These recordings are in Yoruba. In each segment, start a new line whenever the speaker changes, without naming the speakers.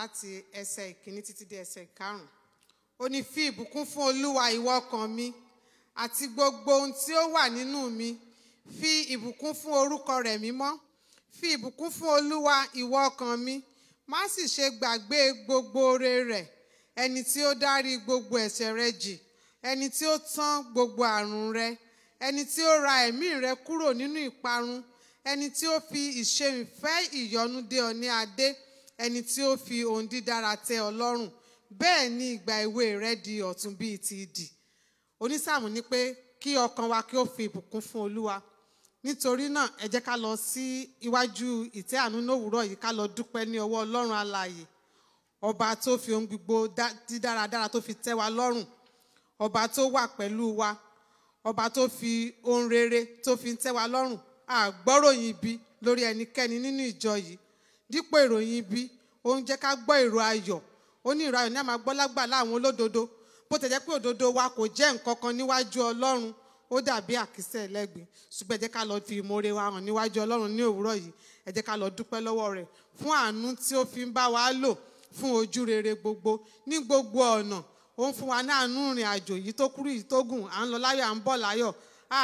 láti ẹsẹ̀ ìkíní títí dé ẹsẹ̀ ìkarùn-ún ó ní fi ìbùkún fún olúwa ìwọ ọkàn mi àti gbogbo ohun tí ó wà nínú mi fi ìbùkún fún orúkọ rẹ̀ mímọ́ fi ìbùkún fún olúwa ìwọ ọkàn mi má sì ṣe gbàgbé gbogbo oore rẹ̀ ẹni tí ó dárí gbogbo ẹ̀ṣẹ̀ rẹ jì ẹni tí ó tán gbogbo àrùn rẹ ẹni tí ó ra ẹ̀mí rẹ kúrò nínú ìparun ẹni tí ó fi ìṣe ìfẹ́ ìyọ́nú dé ọ ní adé ẹni tí ó fi ohun dídára tẹ́ ọ lọ́rùn bẹ́ẹ̀ ni ìgbà èwe rẹ di ọ̀tun bíi ti idì onísáàmù ni pé kí ọkàn wa kí ó fi ìbùkún fún olúwa nítorí náà ẹ jẹ́ ká lọ sí iwájú ìtẹ́ àánú lówùúrọ̀ yìí ká lọ dúpẹ́ ní ọwọ́ ọlọ́run alààyè ọba tó fi ohun gbogbo dídáradára tó fi tẹ́ wa lọ́rùn ọba tó wà pẹ̀lú wa ọba tó fi ohun rere tó fi ń tẹ́ wa lọ́rùn àgbọ́ròyìn ibi lórí ẹnikẹ́ni nínú ìjọ yìí dípò ìròyìn ibi ó ń jẹ́ ká gbọ́ èrò ayọ̀ ó ní ìrọ̀ ayọ̀ ní a máa gbọ́ lágbàlá àwọn olódodo bó tẹ̀ jẹ́ pé òdodo wa kò jẹ́ nǹkan kan níwájú ọlọ́run ó dàbí àkísà ẹlẹ́gbin ṣùgbọ́n ẹ jẹ́ ká lọ fi ìmoore wa hàn níwájú ọlọ́run ní òwúrọ̀ yìí ẹ jẹ́ ká lọ dúpẹ́ lọ́wọ́ rẹ̀ fún àánú tí ó fi ń bá wa lò fún ojú rere gbogbo ní gbogbo ọ̀nà ó ń fún wa ní àánú ìrìn àjò yìí tó kúrú yìí tó gùn à ń lọ láyọ̀ à ń bọ̀ láyọ̀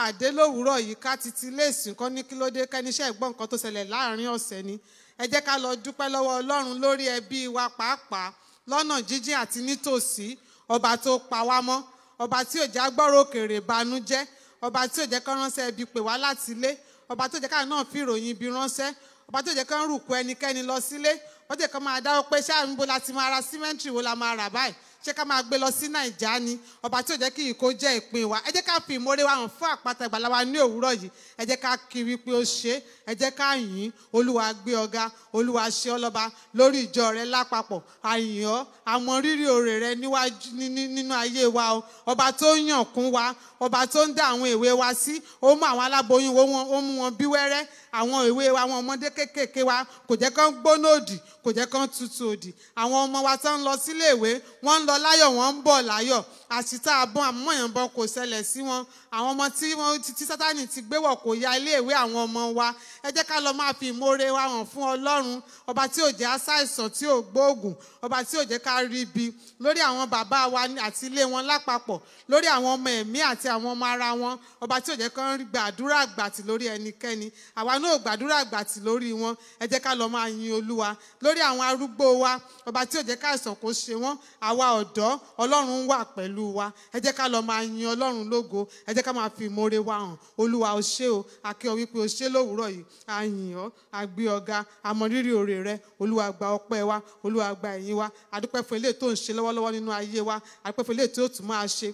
àdé lówùúrọ̀ yìí ká ti ti léèsì nǹkan ní kílódé kẹ́niṣẹ́ ẹ̀gbọ́n ni ẹ jẹ́ ká lọ dúpẹ́ lọ́wọ́ ọlọ́run lórí ẹbí wa pàápàá lọ́nà jíjìn àti nítòsí ọba tó pa wá mọ́ ọba tí ò jẹ́ agbọ́rọ̀ òkèrè banújẹ́ ọba tí ò jẹ́ kán ránṣẹ́ ẹbí pè wá láti ilé ọba tó jẹ́ ká náà fi ìròyìn ibi ránṣẹ́ ọba tó jẹ́ kán rùkú ẹnikẹ́ni lọ sílé ọba tó máa dáwọ́ pé ṣáà ń bo la máa ra símẹ́ǹtì wo la máa rà báyìí ṣé ká máa gbé lọ sí nàìjà ni ọba tí ò jẹ́ kí ìkó jẹ́ ìpín wa ẹ jẹ́ ká fi ìmoore wa hàn fún àpáta ìgbàlà wa ní òwúrọ̀ yìí ẹ jẹ́ ká kiri pé ó ṣe ẹ jẹ́ ká yìn olúwa gbé ọ̀gá olúwa ṣe ọlọ́ba lórí ìjọ rẹ lápapọ̀ àyìnọ́ àmọ́ rírì òrè rẹ níwájú nínú ayé wa o ọba tó yàn kún wa ọba tó ń dá àwọn èwe wa sí ó mú àwọn aláboyún ó mú wọn bí wẹ́rẹ́ àwọn ìwé wa àwọn ọmọdé kéékèèké wa kò jẹ́ kán gbóná òdì kò jẹ́ kán tutù òdì àwọn ọmọ wa tán ń lọ sílé ìwé wọ́n ń lọ láyọ̀ wọ́n ń bọ̀ láyọ̀ àṣìta àbọ̀n àmọ́yànbọ̀n kò ṣẹlẹ̀ sí wọn àwọn ọmọ tí wọ́n ti sátani ti gbéwọ̀ kò ya ilé ìwé àwọn ọmọ wa ẹ jẹ́ ká lọ máa fi ìmoore wa hàn fún ọlọ́run ọba tí ò jẹ́ aṣàìsàn tí ò gbóògùn ọba tí ò jẹ́ ká rí ibi lórí àwọn bàbá wa àti ilé wọn lápapọ̀ lórí àwọn ọmọ ẹ̀mí àti àwọn ọmọ ara wọn ọba tí ò jẹ́ kán gbàdúrà gbàtì lórí ẹnikẹ́ni àwa náà gbàdúrà àgbàtì lórí wọn ẹ jẹ́ ká lọ máa yin olúwa lórí àwọn arúgbó wa ọba tí ò jẹ́ ká àìsàn kó ṣe wọ́n àwa ọ̀dọ́ ọlọ́run wà pẹ̀lú wa ẹ jẹ́ ká lọ máa yin ọlọ́run lógo ẹ jẹ́ ká máa fi ìmoore wa hàn olúwa o ṣé o àkẹ́ ọ wípé o ṣé lówùúrọ̀ yìí a yìn ọ́ a gbé ọ ga a mọ rírì oore rẹ olúwa gba ọpẹ́ wa olúwa gba ẹ̀yìn wa a dúpẹ́ fún eléyìí tó ń ṣe lọ́wọ́lọ́wọ́ nínú ayé wa a fún eléyìí tó tún máa ṣe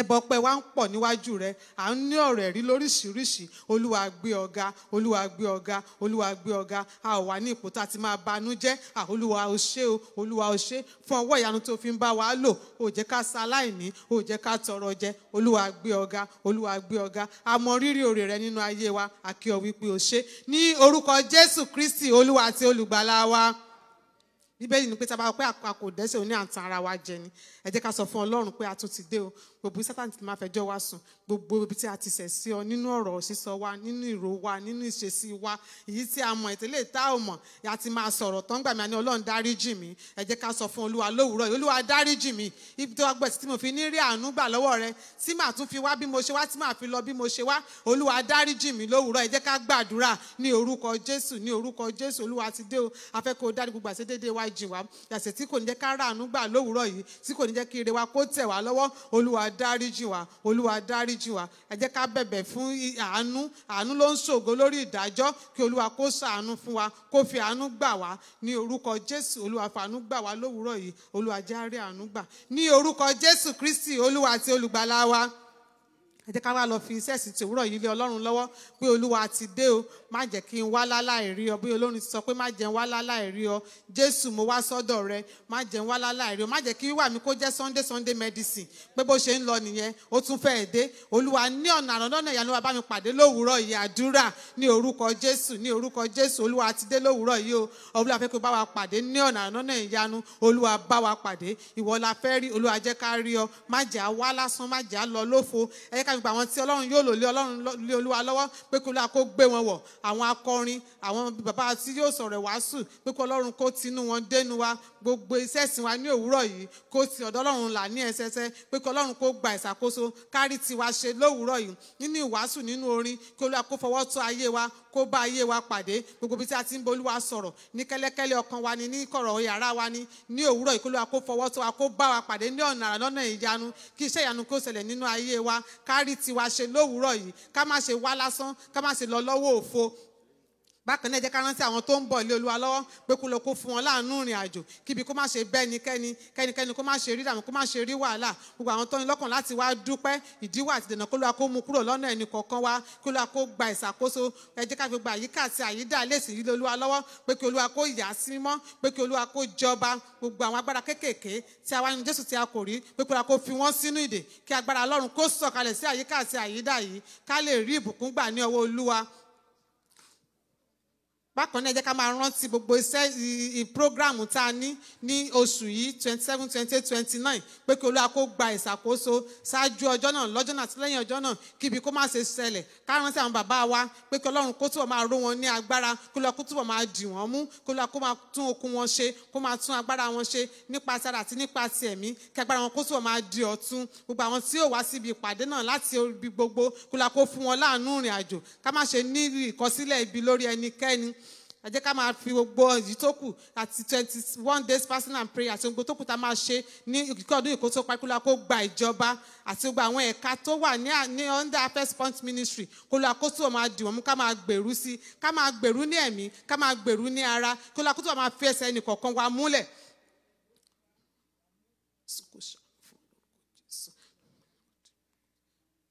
ẹbọ ọpẹ wa ń pọ̀ níwájú rẹ à ń ní ọ̀rọ̀ ẹ̀rí lóríṣìíríṣìí olúwa gbé ọ̀gá olúwa gbé ọ̀gá olúwa gbé ọ̀gá a ò wà ní ipò tá a ti máa banú jẹ́ à olúwa o ṣé o olúwa o ṣé fún ọwọ́ ìyanu tó fi ń bá wa lò ò jẹ́ ká ṣaláìní ò jẹ́ ká tọrọ jẹ olúwa gbé ọ̀gá olúwa gbé ọ̀gá a mọ rírì òrè rẹ nínú ayé wa àkíọ wípé o ṣé ní orúkọ jésù kristi olúwa àti olùgbàlà wa bíbélì ni pé tá a bá wọ pé a kò dẹ́sẹ̀ oní àǹtàn ara wa jẹ ni ẹ jẹ́ ká sọ fún ọlọ́run pé a tún ti dé o gbogbo sátani ti máa fẹjọ́ wa sùn gbogbo ibi tí a ti sẹ̀ sí ọ nínú ọ̀rọ̀ sísọ wa nínú ìró wa nínú ìṣesí wa èyí tí a mọ̀ ìtẹ́lẹ̀ tá ò mọ̀ a ti máa sọ̀rọ̀ tán gbàmí àní ọlọ́run dáríjì mi ẹ jẹ́ ká sọ fún olúwa lówùúrọ̀ yìí olúwa dáríjì mi ibi tó wá gbẹ̀ tí mo fi ní rí àánú gbà lọ́wọ́ rẹ tí màá tún fi wá bí mo ṣe wá tí màá fi lọ bí mo ṣe wá olúwa dáríjì mi lówùúrọ̀ ẹ jẹ́ ká gbàdúrà ní orúkọ jésù ní orúkọ jésù olúwa ti dé o afẹ́kọ̀ọ́ dárí gbogbo àṣedéédéé wa ìdáríjì wa ẹ̀ṣẹ̀ tí kò ní jẹ́ ká ráàánú gbà lówùúrọ̀ yìí tí kò ní jẹ́ kí ire wa kó tẹ̀ wá lọ́wọ́ olúwa dáríjì wa olúwa dáríjì wa ẹ jẹ́ ká bẹ̀bẹ̀ fún àánú àánú ló ń ṣògo lórí ìdájọ́ kí olúwa kó ṣàánú fún wa kó fi àánú gbà wá ní orúkọ jésù olúwa fàánú gbà wá lówùúrọ̀ yìí olúwa jẹ́ àánú gbà ní orúkọ jésù kristi olúwa àti olùgbàlà wa ẹ jẹ́ ká wá lọ fi iṣẹ́ sí ti òwúrọ̀ yìí lé ọlọ́run lọ́wọ́ pé olúwa ti dé o má jẹ́ kí n wá láláì rí ọ bí olórin ti sọ pé má jẹ́ n wá láláì rí ọ jésù mo wá sọ́dọ̀ rẹ má jẹ́ n wá láláì rí ọ má jẹ́ kí wíwà mi kó jẹ́ sunday sunday medicine pé bó ṣe ń lọ nìyẹn ó tún fẹ́ dé olúwa ní ọ̀nà àrọ́nà ìyanu wa bá mi pàdé lówùúrọ̀ yìí àdúrà ní orúkọ jésù ní orúkọ jésù olúwa ti dé lówùúrọ̀ yìí o olúwa fẹ́ kó bá wa pàdé ní ọ̀nà àrọ́nà ìyanu gba àwọn tí ọlọ́run yóò lò lé ọlọ́run lé olúwa lọ́wọ́ pé kó lóa kó gbé wọn wọ̀ àwọn akọrin àwọn bàbá tí yóò sọ̀rọ̀ wàásù pé kó ọlọ́run kó tinú wọn dénú wa gbogbo iṣẹ́ ìsìn wa ní òwúrọ̀ yìí kó ti ọ̀dọ̀ ọlọ́run là ní ẹsẹsẹ pé kó ọlọ́run kó gba ìṣàkóso kárí tiwa ṣe lówùúrọ̀ yìí nínú ìwàásù nínú orin kó lóa kó fọwọ́ tó ayé wa kó bá ayé wa pàdé gbogbo bí tí a ti ń bolúwa sọ̀rọ̀ ní kẹ́lẹ́kẹ́lẹ́ ọkàn wa ni ní kọ̀rọ̀ yàrá wa ni ní òwúrọ̀ ìkólúwa kó fọwọ́ tó wa kó bá wa pàdé ní ọ̀nà lọ́nà ìyanu kí iṣẹ́ ìyanu kó ṣẹlẹ̀ nínú ayé wa ká rí tiwa ṣe lówùúrọ̀ yìí ká má ṣe wá lásán ká má ṣe lọ lọ́wọ́ òfo bákan náà jẹ́ ká rántí àwọn tó ń bọ̀ lé olúwa lọ́wọ́ pé kó lọ kó fún wọn láàánú ìrìn àjò kíbi kó má ṣe bẹ́ẹ̀ ni kẹ́ni kẹ́nikẹ́ni kó má ṣe rí ìdààmú kó má ṣe rí wàhálà gbogbo àwọn tó ní lọ́kàn láti wá dúpẹ́ ìdíwọ́ àti ìdènà kó lọ́wọ́ kó mú kúrò lọ́nà ẹni kọ̀ọ̀kan wá kó lọ́wọ́ kó gba ìṣàkóso ẹ jẹ́ ká fi gba àyíká àti àyídà lèsì yí lolúwa lọ́wọ́ pé kí olúwa kó yà sí mọ́ pé kí olúwa kó jọba gbogbo àwọn agbára kéékèèké tí a wá ní jésù tí a kò rí pé kí olúwa kó fi wọ́n sínú ìdè kí agbára ọlọ́run kó sọ̀kalẹ̀ sí àyíká àti àyídà yìí ká lè rí ìbùkún gbà ní ọwọ́ olúwa bákan náà ẹ jẹ́ ká máa rántí gbogbo iṣẹ́ program tá a ní ní oṣù yìí twenty seven twenty eight twenty nine pé kí olúwa kó gba ìṣàkóso ṣáájú ọjọ́ náà lọ́jọ́ náà àti lẹ́yìn ọjọ́ náà kíbi kó má ṣe ṣẹlẹ̀ ká rántí àwọn bàbá wa pé kí ọlọ́run kó túbọ̀ máa ró wọn ní agbára kó lọ́ọ́ kó túbọ̀ máa dì wọ́n mú kó lọ́ọ́ kó máa tún okun wọn ṣe kó máa tún agbára wọn ṣe nípasẹ̀ àti nípasẹ̀ ẹ jẹ́ ká máa fi gbogbo èyí tó kù àti twenty one days fasting and prayer àti gbogbo tó kù tá a máa ṣe ní ìkọ́dún ìkó tó pákúlá kó gba ìjọba àti gbogbo àwọn ẹ̀ka tó wà ní under first point ministry kó lọ àkóso máa dì wọ́n mú ká máa gbèrú sí ká máa gbèrú ní ẹ̀mí ká máa gbèrú ní ara kó lọ àkóso máa fi ẹsẹ̀ ẹnì kọ̀ọ̀kan wa múlẹ̀.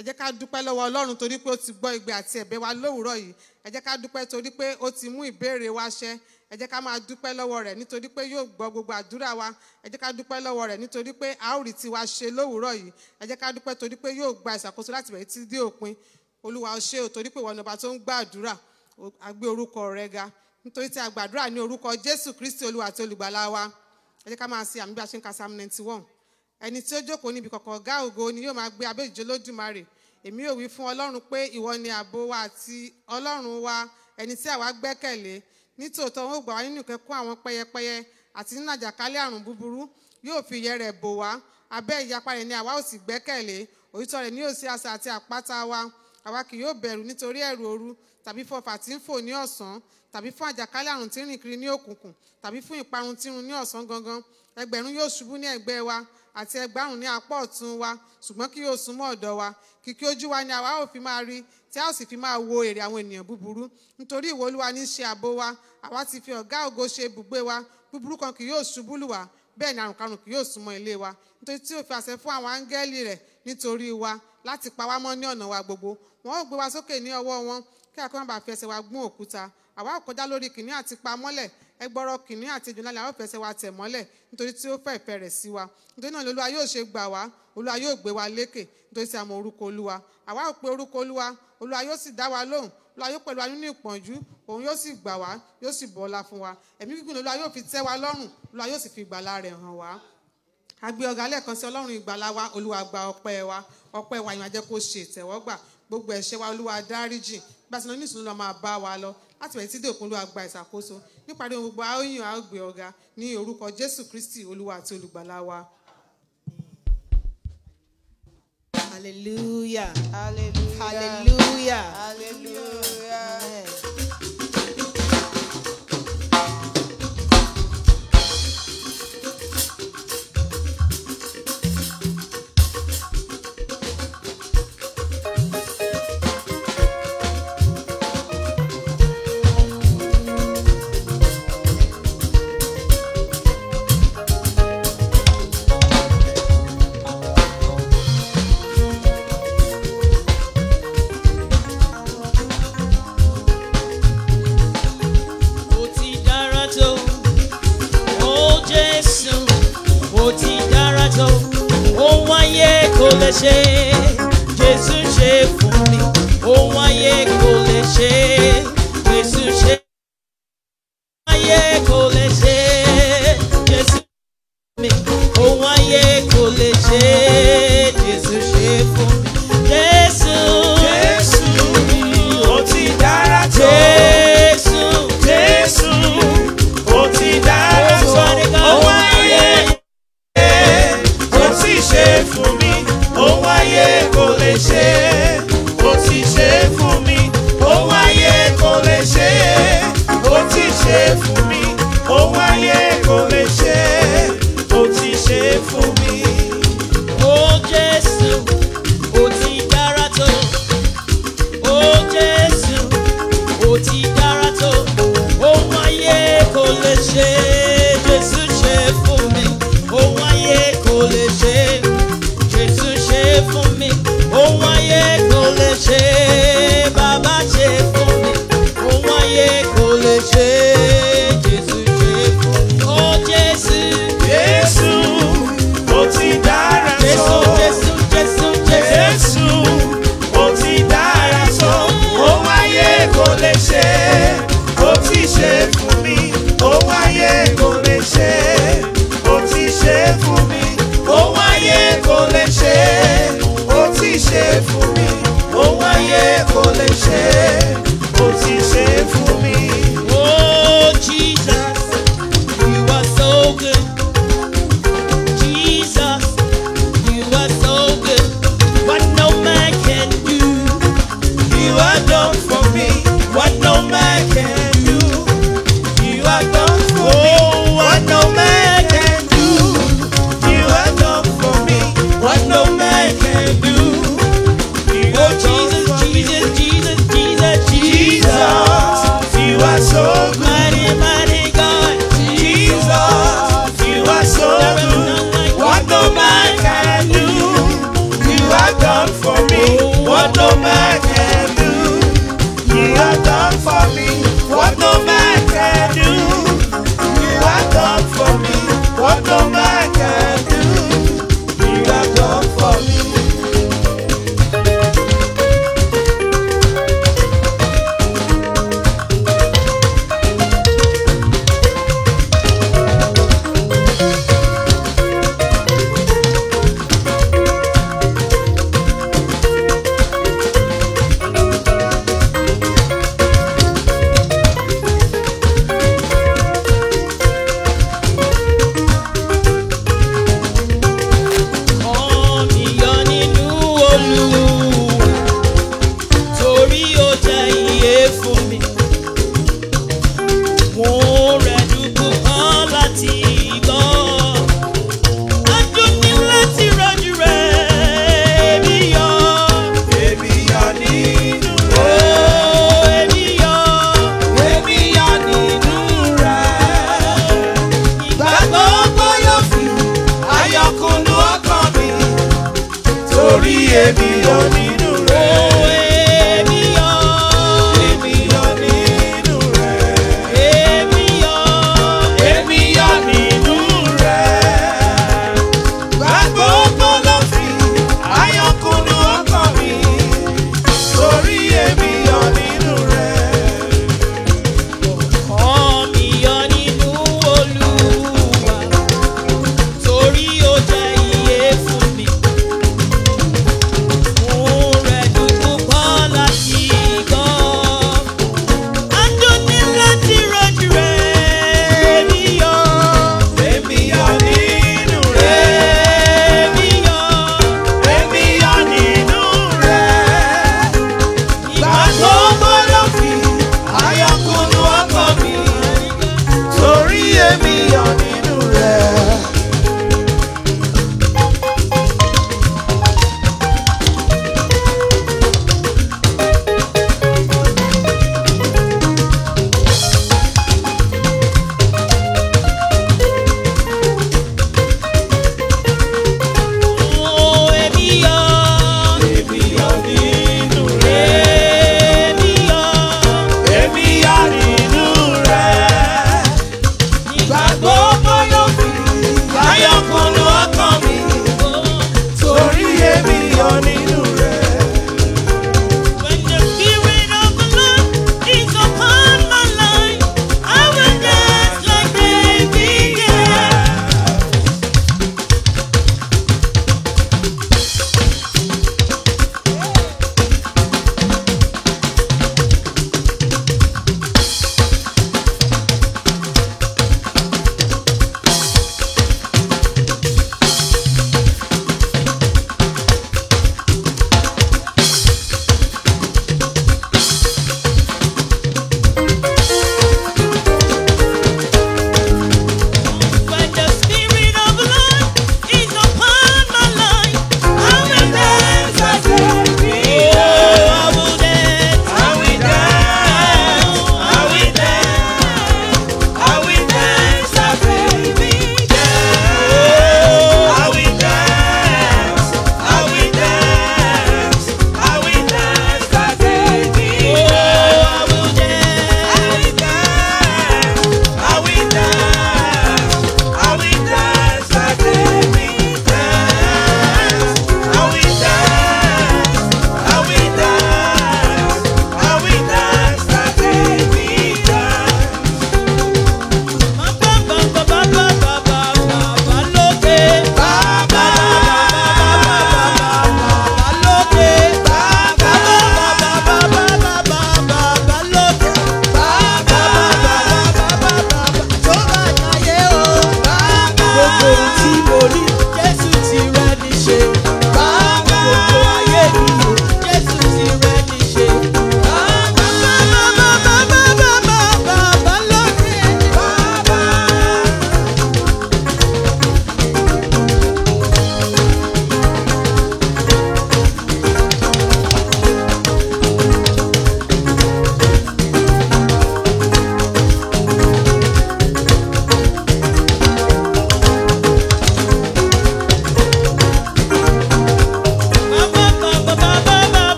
ẹ jẹ́ ká dúpẹ́ lọ́wọ́ ọlọ́run torí pé ó ti gbọ́ igbe àti ẹ̀bẹ̀ wa lówùúrọ̀ yìí ẹ jẹ́ ká dúpẹ́ torí pé ó ti mú ìbéèrè wa ṣẹ ẹ jẹ́ ká máa dúpẹ́ lọ́wọ́ rẹ̀ nítorí pé yóò gbọ́ gbogbo àdúrà wa ẹ jẹ́ ká dúpẹ́ lọ́wọ́ rẹ̀ nítorí pé a ó rí tiwa ṣe lówùúrọ̀ yìí ẹ jẹ́ ká dúpẹ́ torí pé yóò gba ìṣàkóso láti bẹ̀rẹ̀ títí dé òpin olúwa ó ṣé torí pé ìwọ ni ọba tó ń gba àdúrà a gbé orúkọ rẹ ga nítorí tí a gbàdúrà ní orúkọ jésù kristi olúwa àti olùgbàlà wa ẹ jẹ́ ká máa ṣe àmì bí a ṣe ń ka psalm ninety one ẹni tí ó jókòó níbi kọ̀kọ̀ ọ̀gá ògo ni yóò máa gbé abẹ́ ìjọ lódùmarè èmi ò wí fún ọlọ́run pé ìwọ ni ààbò wa àti ọlọ́run wa ẹni tí àwa gbẹ́kẹ̀lé nítòótọ́ wọn ó gbà wá nínú ìkẹ́kọ̀ọ́ àwọn pẹyẹpẹyẹ àti nínú àjàkálẹ̀ àrùn búburú yóò fi ìyẹ́ rẹ̀ bò wá abẹ́ ìyapa rẹ̀ ni àwa ò sì gbẹ́kẹ̀lé òtítọ́ rẹ̀ ni yóò ṣe asà àti àpáta wa àwa kì yóò bẹ̀rù nítorí ẹ̀rù òru tàbí fún ọfà tí ń fò ní ọ̀sán tàbí fún àjàkálẹ̀ àrùn tí ń rìn kiri ní òkùnkùn tàbí fún ìparun tí ń run ní ọ̀sán gangan ẹgbẹ̀rún yóò ṣubú ní ẹ̀gbẹ́ wa àti ẹgbàrún ní apá ọ̀tún wa ṣùgbọ́n kí yóò súnmọ́ ọ̀dọ̀ wa kìkì ojú wa ni àwa ò fi máa rí tí a ó sì fi máa wo èrè àwọn ènìyàn búburú nítorí ìwọ Olúwa ní ṣe ààbò wa àwa ti fi ọ̀gá ògo ṣe ibùgbé wa búburú kan kì yóò ṣubú lù wá bẹ́ẹ̀ ni àrùnkárùn kì yóò súnmọ́ ilé wa nítorí tí ó fi àṣẹ fún àwọn áńgẹ́lì rẹ̀ nítorí wa láti pa wá mọ́ ní ọ̀nà wa gbogbo wọn ó gbé wa sókè ní ọwọ́ wọn kí àkọ́ńbà àwa kọjá lórí kìnìún àti pa mọ́lẹ̀ ẹgbọ́rọ̀ kìnìún àti ejò lálẹ́ àwọn fẹsẹ̀ wa tẹ̀ mọ́lẹ̀ nítorí tí ó fẹ́ ìfẹ́ rẹ̀ sí wa nítorí náà lolúwa yóò ṣe gbà wá olúwa yóò gbé wa lékè nítorí tí a mọ orúkọ olúwa àwa ò pe orúkọ olúwa olúwa yóò sì dá wa lóhùn olúwa yóò pẹ̀lú wa nínú ìpọ́njú òun yóò sì gbà wá yóò sì bọ́lá fún wa ẹ̀mí gígùn olúwa yóò fi tẹ́ wa lọ́rùn olúwa yóò sì fi ìgbàlà rẹ̀ hàn wá agbe ọ̀gá lẹ́ẹ̀kan sí ọlọ́run ìgbàlà wa olúwa gba ọpẹ́ wa ọpẹ́ wa ìwà jẹ́ ṣe ìtẹ́wọ́gbà gbogbo ẹ̀ṣẹ̀ wa olúwa dáríjì gbàsánà nísùnú lọ máa bá wa lọ láti bẹ̀rẹ̀ títí òpin olúwa gba ìṣàkóso nípàdé ohun gbogbo àóyìn àógbé ọ̀gá ní orúkọ jésù kristi olúwa àti olùgbàlà wa. hallelujah hallelujah hallelujah hallelujah.
ṣe.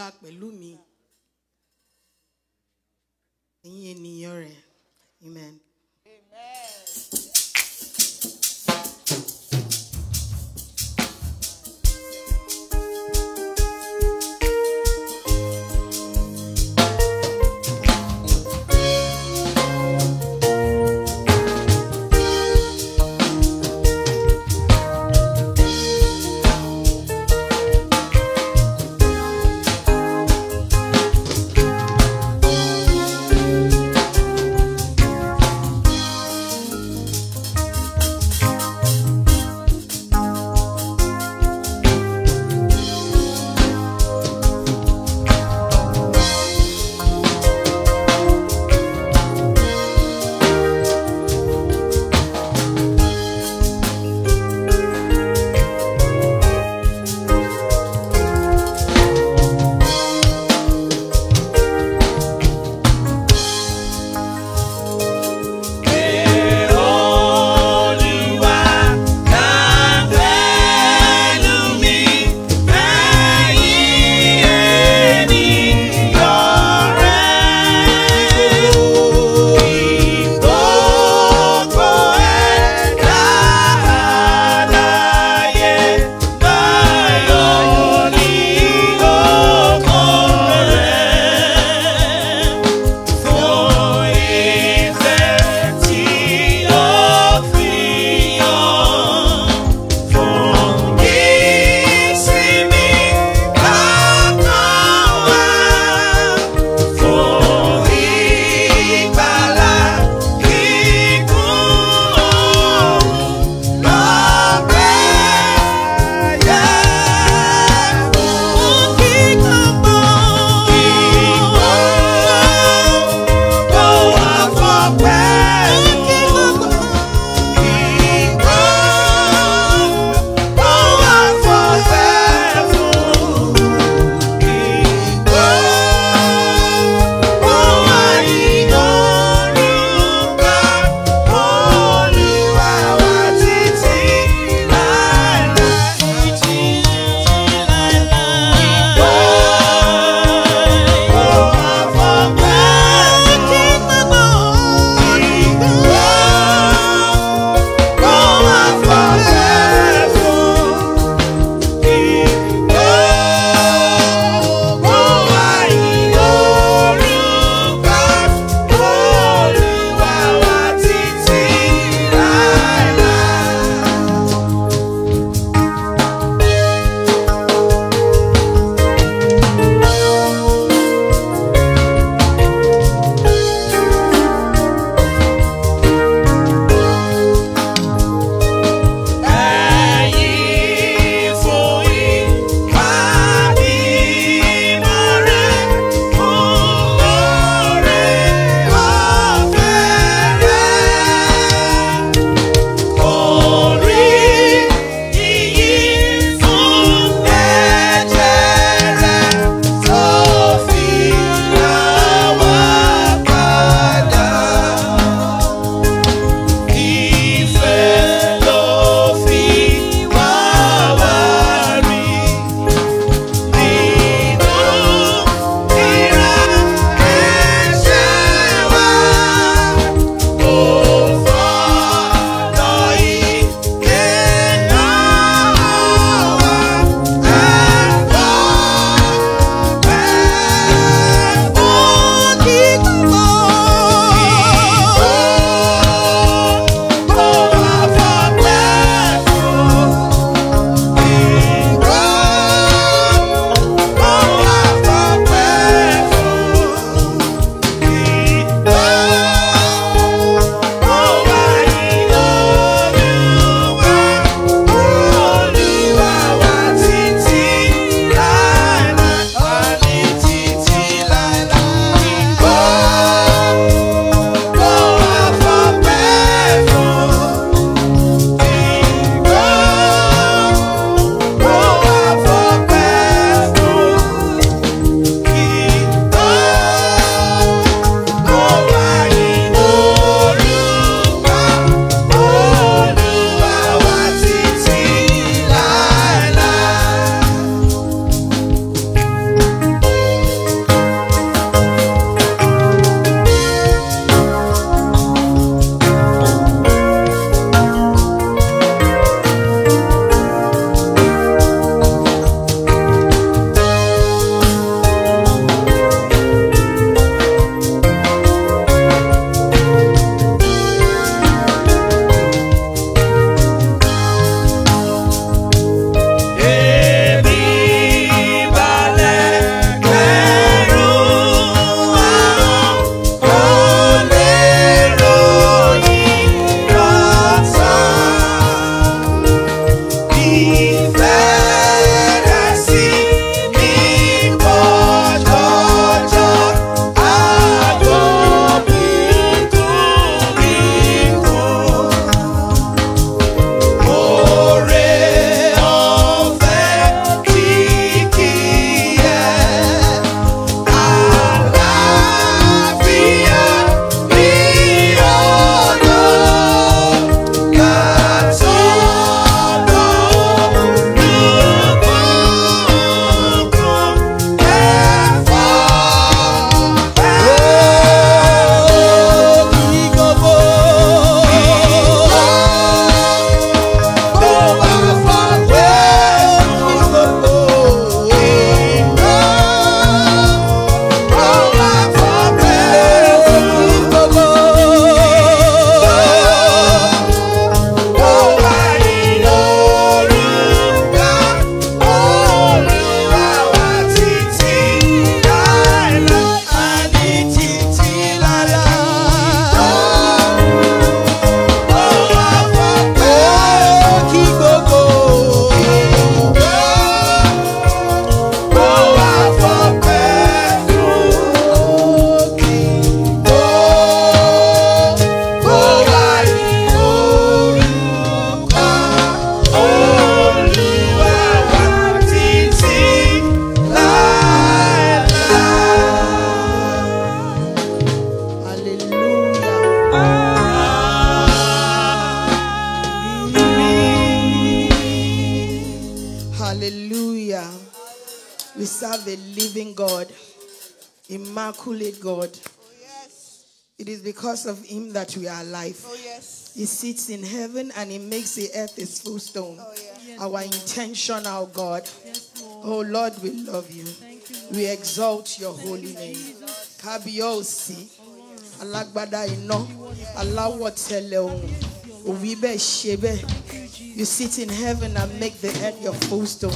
ga pẹ̀lú mi ẹ̀yin ènìyàn rẹ̀ amen. because of him that we are alive. Oh, yes. He sits in heaven and he makes the earth his full Oh, yeah. yes, our intention, our God. Yes, Lord. Oh
Lord, we love you. you we exalt your Thank holy you, name. Kabiosi. Alagbada ino.
You sit in heaven and make the earth your full stone.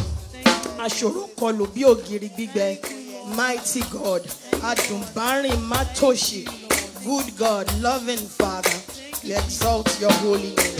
Mighty God. Adumbari Matoshi good God, loving Father, we exalt your holy name.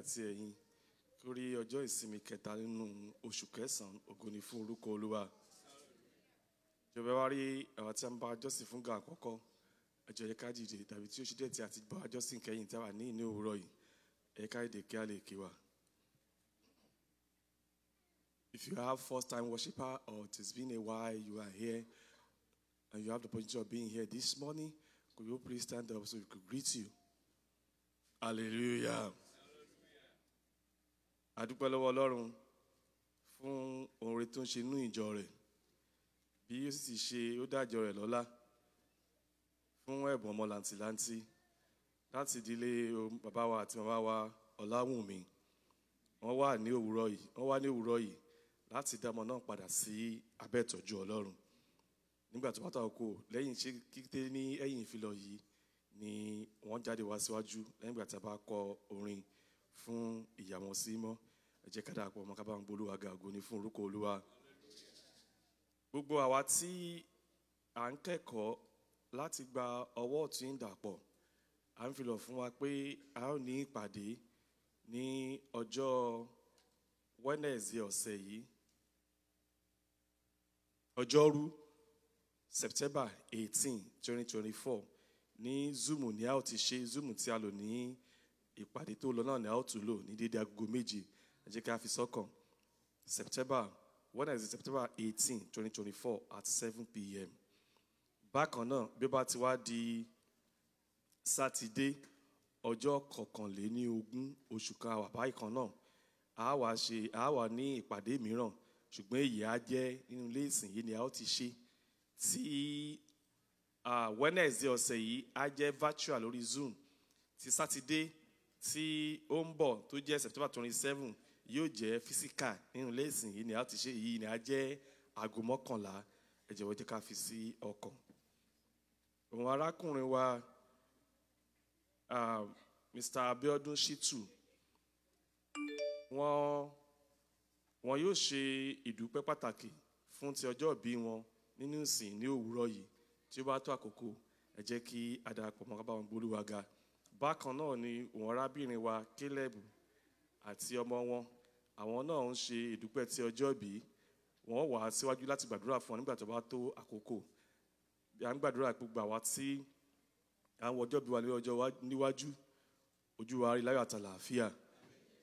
àti ẹ̀yin lórí ọjọ́ ìsinmi kẹta nínú oṣù kẹsàn-án fún orúkọ olúwa ìjọba wa rí àwọn tí a ń jọ́sìn fún ga àkọ́kọ́ ẹjọ́ ẹ̀ka dìde tàbí tí oṣù àti bá kẹ́yìn tí a wà ní ìní òwúrọ̀ yìí ẹ̀ka kí a lè kí wa. If you are first-time worshiper or it has been a while you are here and you have the opportunity of being here this morning, could you please stand up so we could greet you? Hallelujah. àdúpẹ́ lọ́wọ́ ọlọ́run fún oore tó ń ṣe nínú ìjọ rẹ̀ bí ó sì ṣe ó dájọ rẹ̀ lọ́lá fún ẹ̀bùn ọmọ làǹtìlanti láti ìdílé bàbá wa àti màmá wa ọ̀làwùnmí wọ́n wà ní òwúrọ̀ yìí wọ́n wà ní òwúrọ̀ yìí láti dá ọmọ náà padà sí abẹ́ ọlọ́run nígbà tó bàtà oko lẹ́yìn ṣe kíkté ní ẹ̀yìn ìfilọ̀ yìí ni wọ́n jáde wá síwájú lẹ́yìn ìgbà tí a bá kọ orin fún ìyá wọn sí mọ́ ẹ jẹ́ ká dàpọ̀ ọmọ kábàámu bolúwa gàgò ní fún orúkọ olúwa gbogbo àwa tí à ń kẹ́kọ̀ọ́ láti gba ọwọ́ ọ̀tún dàpọ̀ à ń filọ̀ fún wa pé a ó ní ìpàdé ní ọjọ́ Wednesday ọ̀sẹ̀ yìí ọjọ́rú September eighteen twenty twenty four ní Zoom ní a ó ti ṣe Zoom tí a lò ní ìpàdé tó lọ náà ni a ó tún lò ní dédé agogo méje ẹ ká fi sọ́kàn September Wednesday September eighteen twenty twenty four at seven pm bákan náà bí ó bá ti wá di sátidé ọjọ́ kọkànléní ogún oṣù kan àwà báyìí kan náà a wà ṣe a wà ní ìpàdé mìíràn ṣùgbọ́n èyí á jẹ́ nínú ilé ìsìn ni a ó ti ṣe tí Wednesday ọ̀sẹ̀ yìí á jẹ́ virtual lórí Zoom ti sátidé tí ó ń bọ̀ tó jẹ́ September twenty seven yóò jẹ́ physical nínú ilé ìsìn yìí ni a ti ṣe yìí ni a jẹ́ aago mọ́kànlá ẹ jọ̀wọ́ jẹ́ ká fi sí ọkàn. òun arákùnrin wa Mr. Abiodun Shitu wọ́n wọn yóò ṣe ìdúpẹ́ pàtàkì fún ti ọjọ́ ìbí wọn nínú ìsìn ní òwúrọ̀ yìí tí ó bá tó àkókò ẹ jẹ́ kí a darapọ̀ bá wọn gbólúwa ga bákan náà ni òun arábìnrin wa Caleb àti ọmọ wọn àwọn náà ń ṣe ìdúpẹ́ ti ọjọ́ bí wọ́n wà á síwájú láti gbàdúrà fún ọ nígbà tó bá tó àkókò bí a ń gbàdúrà gbogbo àwa tí à ń wọ ọjọ́ bí wa ní ọjọ́ níwájú ojú wa rí láyọ̀ àtàlàáfíà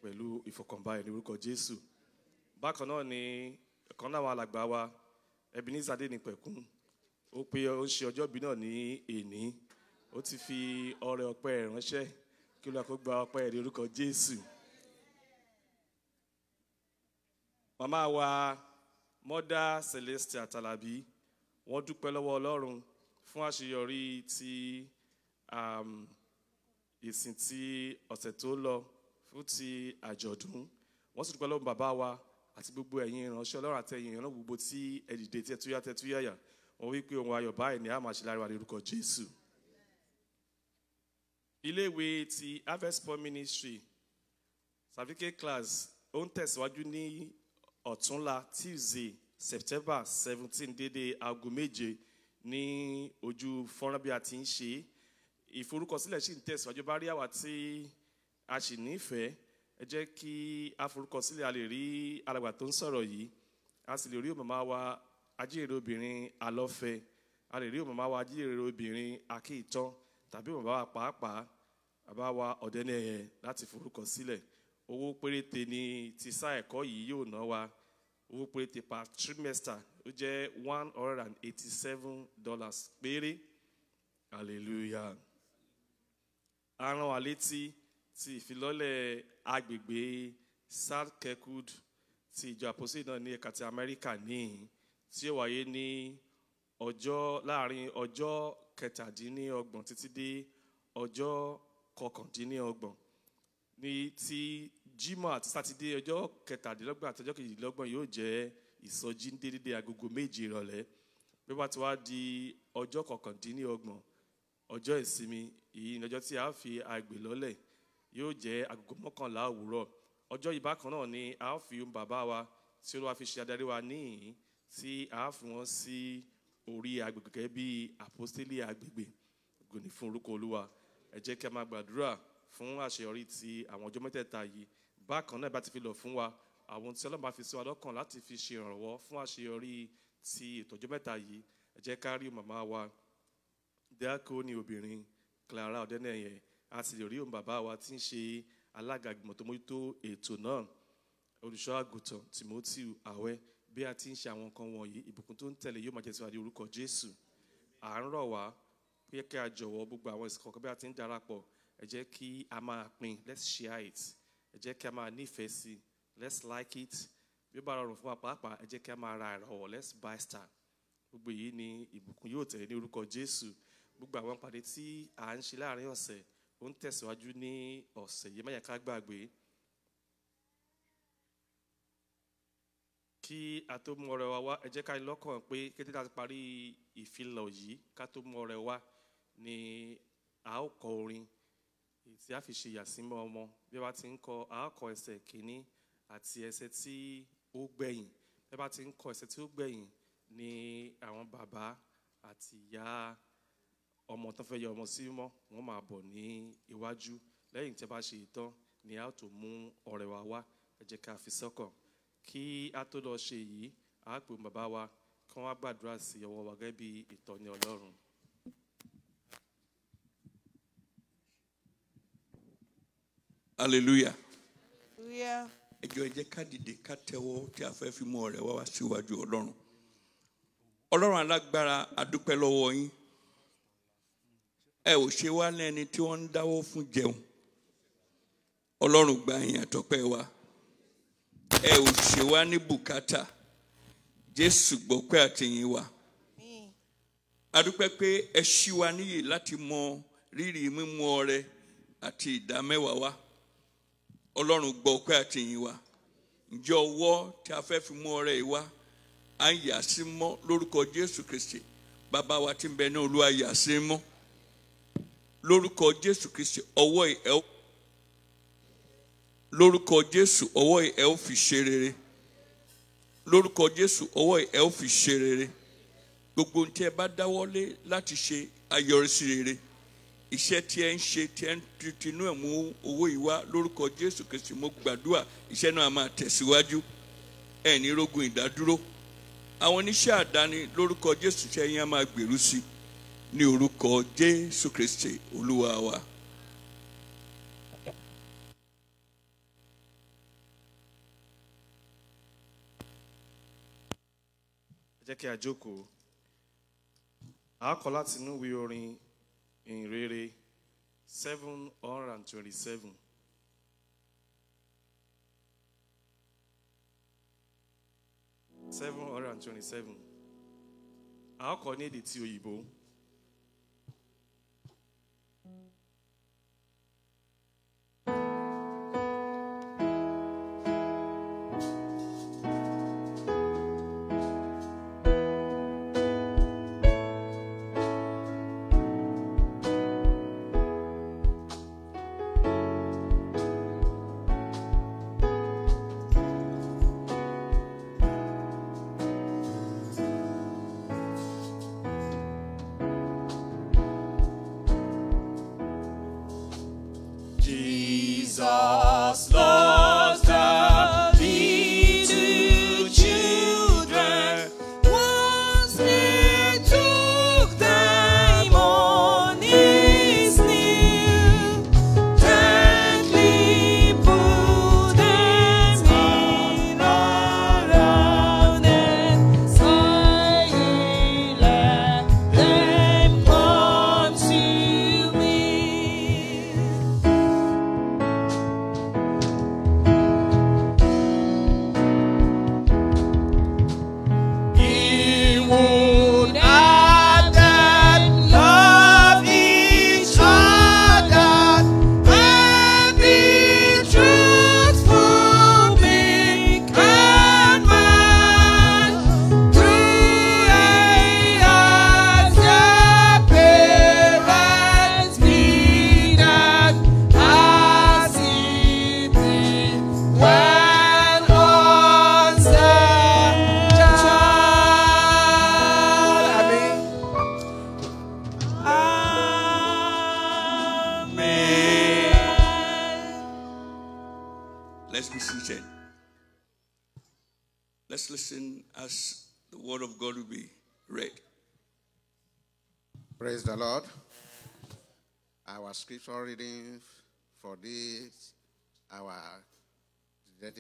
pẹ̀lú ìfọkànbalẹ̀ ní orúkọ Jésù bákan náà ni ọ̀kan náà àwọn alàgbà wa Ebenezer Adénípẹ̀kún ó pe ó ń ṣe ọjọ́ bí náà ní èní ó ti fi ọrẹ ọpẹ́ ránṣẹ́ kí Olúwa kó gba ọpẹ́ rẹ̀ Jésù. màmá wa mọ́dá Celestia Talabi, wọ́n dúpẹ́ lọ́wọ́ Ọlọ́run fún àṣeyọrí ti um, ìsìn ti ọ̀sẹ̀ tó lọ fún ti àjọ̀dún wọ́n sì dúpẹ́ lọ́wọ́ bàbá wa àti gbogbo ẹ̀yin ìránṣẹ́ Ọlọ́run àti ẹ̀yin ìrànlọ́wọ́ gbogbo tí ẹ̀dìdè tí ẹ túyà tẹ wí pé ohun ayọ̀ báyìí ni a máa ṣe lára wa ní Jésù iléèwé ti harvest for ministry certificate class ó ń tẹ̀síwájú ní ọ̀túnla tuesday september seventeen dédé aago méje ní ojú fọ́nrán bí a ti ń ṣe ìforúkọsílẹ̀ sì ń tẹ̀síwájú bá rí àwa tí a sì nífẹ̀ẹ́ ẹ jẹ́ kí a forúkọsílẹ̀ a lè rí alàgbà tó ń sọ̀rọ̀ yìí a sì lè rí òmàmá wa ajíhèrè obìnrin alọ́fẹ́ a lè rí òmàmá wa ajíhèrè obìnrin akíntán tàbí bàbá wa pàápàá bàbá wa ọ̀dẹ́nẹ́yẹ láti forúkọ sílẹ̀ owó péréte ní ti sá ẹ̀kọ́ yìí yóò ná wa owó péréte per trimester ó jẹ́ one hundred and eighty seven dollars péré hallelujah a rán wa létí ti ìfilọ́lẹ̀ agbègbè south kirkwood ti ìjọ àpòsí náà ní ẹ̀ka ti amẹ́ríkà níhìn tí ó wáyé ní ọjọ́ láàrin ọjọ́ kẹtàdínlọ́gbọ̀n títí dé ọjọ́ kọkàndínlọ́gbọ̀n ní ti Jímọ̀ àti sátidé ọjọ́ kẹtàdínlọ́gbọ̀n àti ọjọ́ kejìdínlọ́gbọ̀n yóò jẹ́ ìsọjí ní déédéé agogo méje ìrọ̀lẹ́ bí wọ́n ti wá di ọjọ́ kọkàndínlọ́gbọ̀n ọjọ́ ìsinmi èyí ni ọjọ́ tí a fi àgbè lọ́lẹ̀ yóò jẹ́ agogo mọ́kànlá òwúrọ̀ ọjọ́ ìbákan náà ni a fi bàbá wa tí Olúwa fi ṣe adarí wa níhìn tí a fi wọ́n sí. Si orí agbègbè gẹ́gẹ́ bí àpọ́stélì agbègbè gòní fún orúkọ olúwa ẹ jẹ́ kí a máa gbàdúrà fún àṣeyọrí ti àwọn ọjọ́ mẹ́tẹ̀ẹ̀ta yìí bákan náà bá ti fi lọ fún wa àwọn tí ọlọ́run fi sí wa lọ́kàn láti fi ṣe ìrànlọ́wọ́ fún àṣeyọrí ti ìtọ́jú mẹ́ta yìí ẹ jẹ́ ká rí màmá wa diakoni obìnrin Clara Ọ̀dẹ́nẹ̀yẹ a sì lè rí òun bàbá wa tí ń ṣe alága ìgbìmọ̀ tó mójútó ètò náà olùṣọ́ àgùntàn Timothy Awẹ́ bí a ti ń ṣe àwọn nǹkan wọ̀nyí ìbùkún tó ń tẹ̀lé yóò máa jẹ́ tiwa orúkọ Jésù à ń rọ̀ wá pé kí a jọ̀wọ́ gbogbo àwọn ìsìn bí a ti ń darapọ̀ ẹ jẹ́ kí a máa pín let's share it ẹ jẹ́ kí a máa nífẹ̀ẹ́ sí let's like it bí ó bá rọrùn fún wa pàápàá ẹ jẹ́ kí a máa ra ìrànwọ́ let's buy star gbogbo èyí ni ìbùkún yóò tẹ̀lé ní orúkọ Jésù gbogbo àwọn ìpàdé tí à ń ṣe láàárín ọ̀sẹ̀ ó ń tẹ̀síwájú ní ọ̀sẹ̀ yìí má yà ká gbàgbé kí a tó mú ọ̀rọ̀ wa wá ẹ jẹ́ ká lọ́kàn pé kété tá a ti parí ìfilọ̀ yìí ká tó mú ọ̀rọ̀ wa ni a ó kọ orin tí a fi ṣe ìyàsímọ́ ọmọ bí a bá ti ń kọ a ó kọ ẹsẹ̀ kìíní àti ẹsẹ̀ tí ó gbẹ̀yìn bí a bá ti ń kọ ẹsẹ̀ tí ó gbẹ̀yìn ni àwọn bàbá àti ìyá ọmọ tó fẹ́ yọ ọmọ sí mọ́ wọ́n máa bọ̀ ní iwájú lẹ́yìn tí a bá ṣe ìtàn ni a ó tó mú ọ̀rẹ́ wa wá ẹ jẹ́ ká fi sọ́kàn kí a tó lọ ṣe yìí a pè bàbá wa kí wọ́n gbàdúrà sí ọwọ́ wa gẹ́gẹ́ bí ìtọ́ni Ọlọ́run.
hallelujah. hallelujah. ẹ jọ̀ọ́ ẹ jẹ́ ká dìde ká tẹ́wọ́ tí a fẹ́ fi mú ọrẹ wá wá síwájú Ọlọ́run Ọlọ́run alágbára a lọ́wọ́ yín ẹ ò ṣe wá lẹ́ni tí wọ́n ń dáwọ́ fún jẹun Ọlọ́run gba ìyìn àtọ́pẹ́ wa ẹ ò ṣe wá ní bùkátà jésù gbọ́pẹ́ àtìyìn wa adúpẹ́ pé ẹ ṣí wa níyì láti mọ rírì mímú ọrẹ àti ìdá mẹ́wàá wa ọlọ́run gbọ́pẹ́ àtìyìn wa ǹjẹ́ ọwọ́ tí a fẹ́ fi mú ọrẹ yìí wá à ń yà sí mọ́ lórúkọ jésù kristi bàbá wa tí ń bẹ ní olúwa yà sí mọ́ lórúkọ jésù kristi ọwọ́ ẹ̀ ọ́ lórúkọ jésù ọwọ́ ẹ ó fi ṣe rere lórúkọ jésù ọwọ́ ẹ ó fi ṣe rere gbogbo ohun tí ẹ bá dáwọ́lé láti ṣe ayọrísí rere iṣẹ́ tí ẹ ń ṣe tí ẹ ń tinú ẹ̀ mú owó yìí wá lórúkọ jésù kìsì mo gbàdúrà iṣẹ́ náà máa tẹ̀síwájú ẹ ní rogun ìdádúró àwọn oníṣẹ́ àdáni lórúkọ jésù ṣẹ́yìn á máa gbèrú sí ní orúkọ jésù kristi olúwa wa.
jẹ́ kí a jókòó a kọ láti inú ìwé orin ìrere seven hundred and twenty-seven. seven hundred and twenty-seven a kọ ní èdè tí òyìnbó.
saw.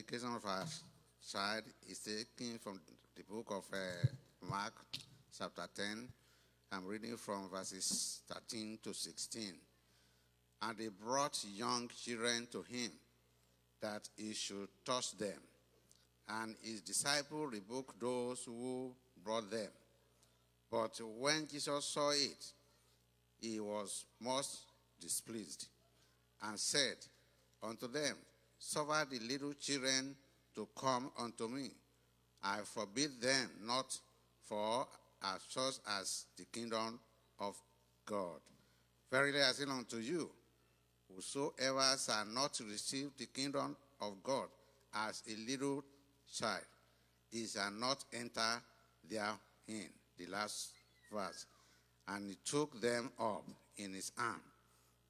education of our child is taken from the book of uh, Mark, chapter 10. I'm reading from verses 13 to 16. And they brought young children to him that he should touch them. And his disciples rebuked those who brought them. But when Jesus saw it, he was most displeased and said unto them, Suffer the little children to come unto me. I forbid them not, for as such as the kingdom of God. Verily I say unto you, whosoever shall not receive the kingdom of God as a little child, he shall not enter therein. The last verse. And he took them up in his arm,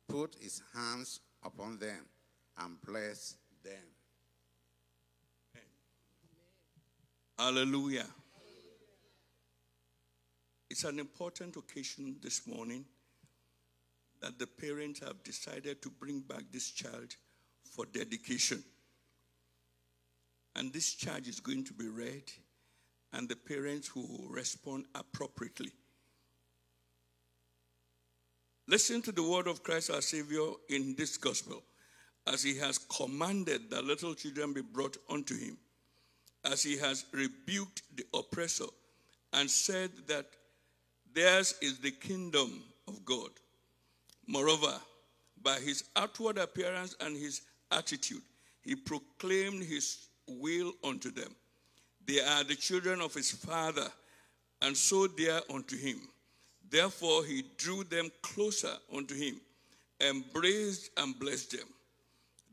put his hands upon them, and bless them.
Hallelujah. Hallelujah. It's an important occasion this morning that the parents have decided to bring back this child for dedication. And this charge is going to be read, and the parents will respond appropriately. Listen to the word of Christ our Savior in this gospel as he has commanded that little children be brought unto him, as he has rebuked the oppressor, and said that theirs is the kingdom of God. Moreover, by his outward appearance and his attitude, he proclaimed his will unto them. They are the children of his father, and so they are unto him. Therefore, he drew them closer unto him, embraced and blessed them.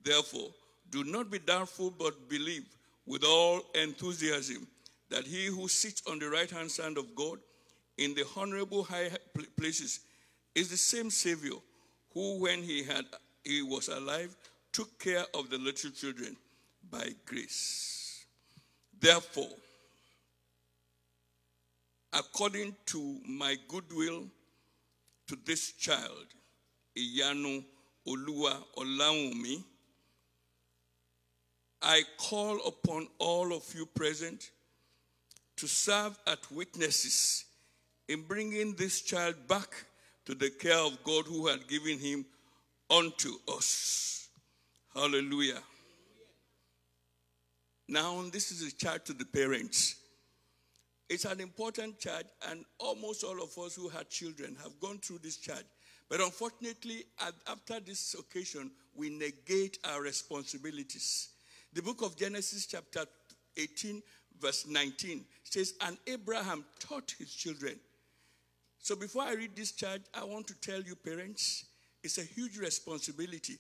Therefore, do not be doubtful, but believe with all enthusiasm that he who sits on the right hand side of God in the honorable high places is the same Savior who, when he, had, he was alive, took care of the little children by grace. Therefore, according to my goodwill to this child, Iyanu Olua Olaumi, I call upon all of you present to serve as witnesses in bringing this child back to the care of God who had given him unto us. Hallelujah. Now, this is a charge to the parents. It's an important charge, and almost all of us who had children have gone through this charge. But unfortunately, after this occasion, we negate our responsibilities. The book of Genesis, chapter 18, verse 19, says, And Abraham taught his children. So before I read this charge, I want to tell you, parents, it's a huge responsibility.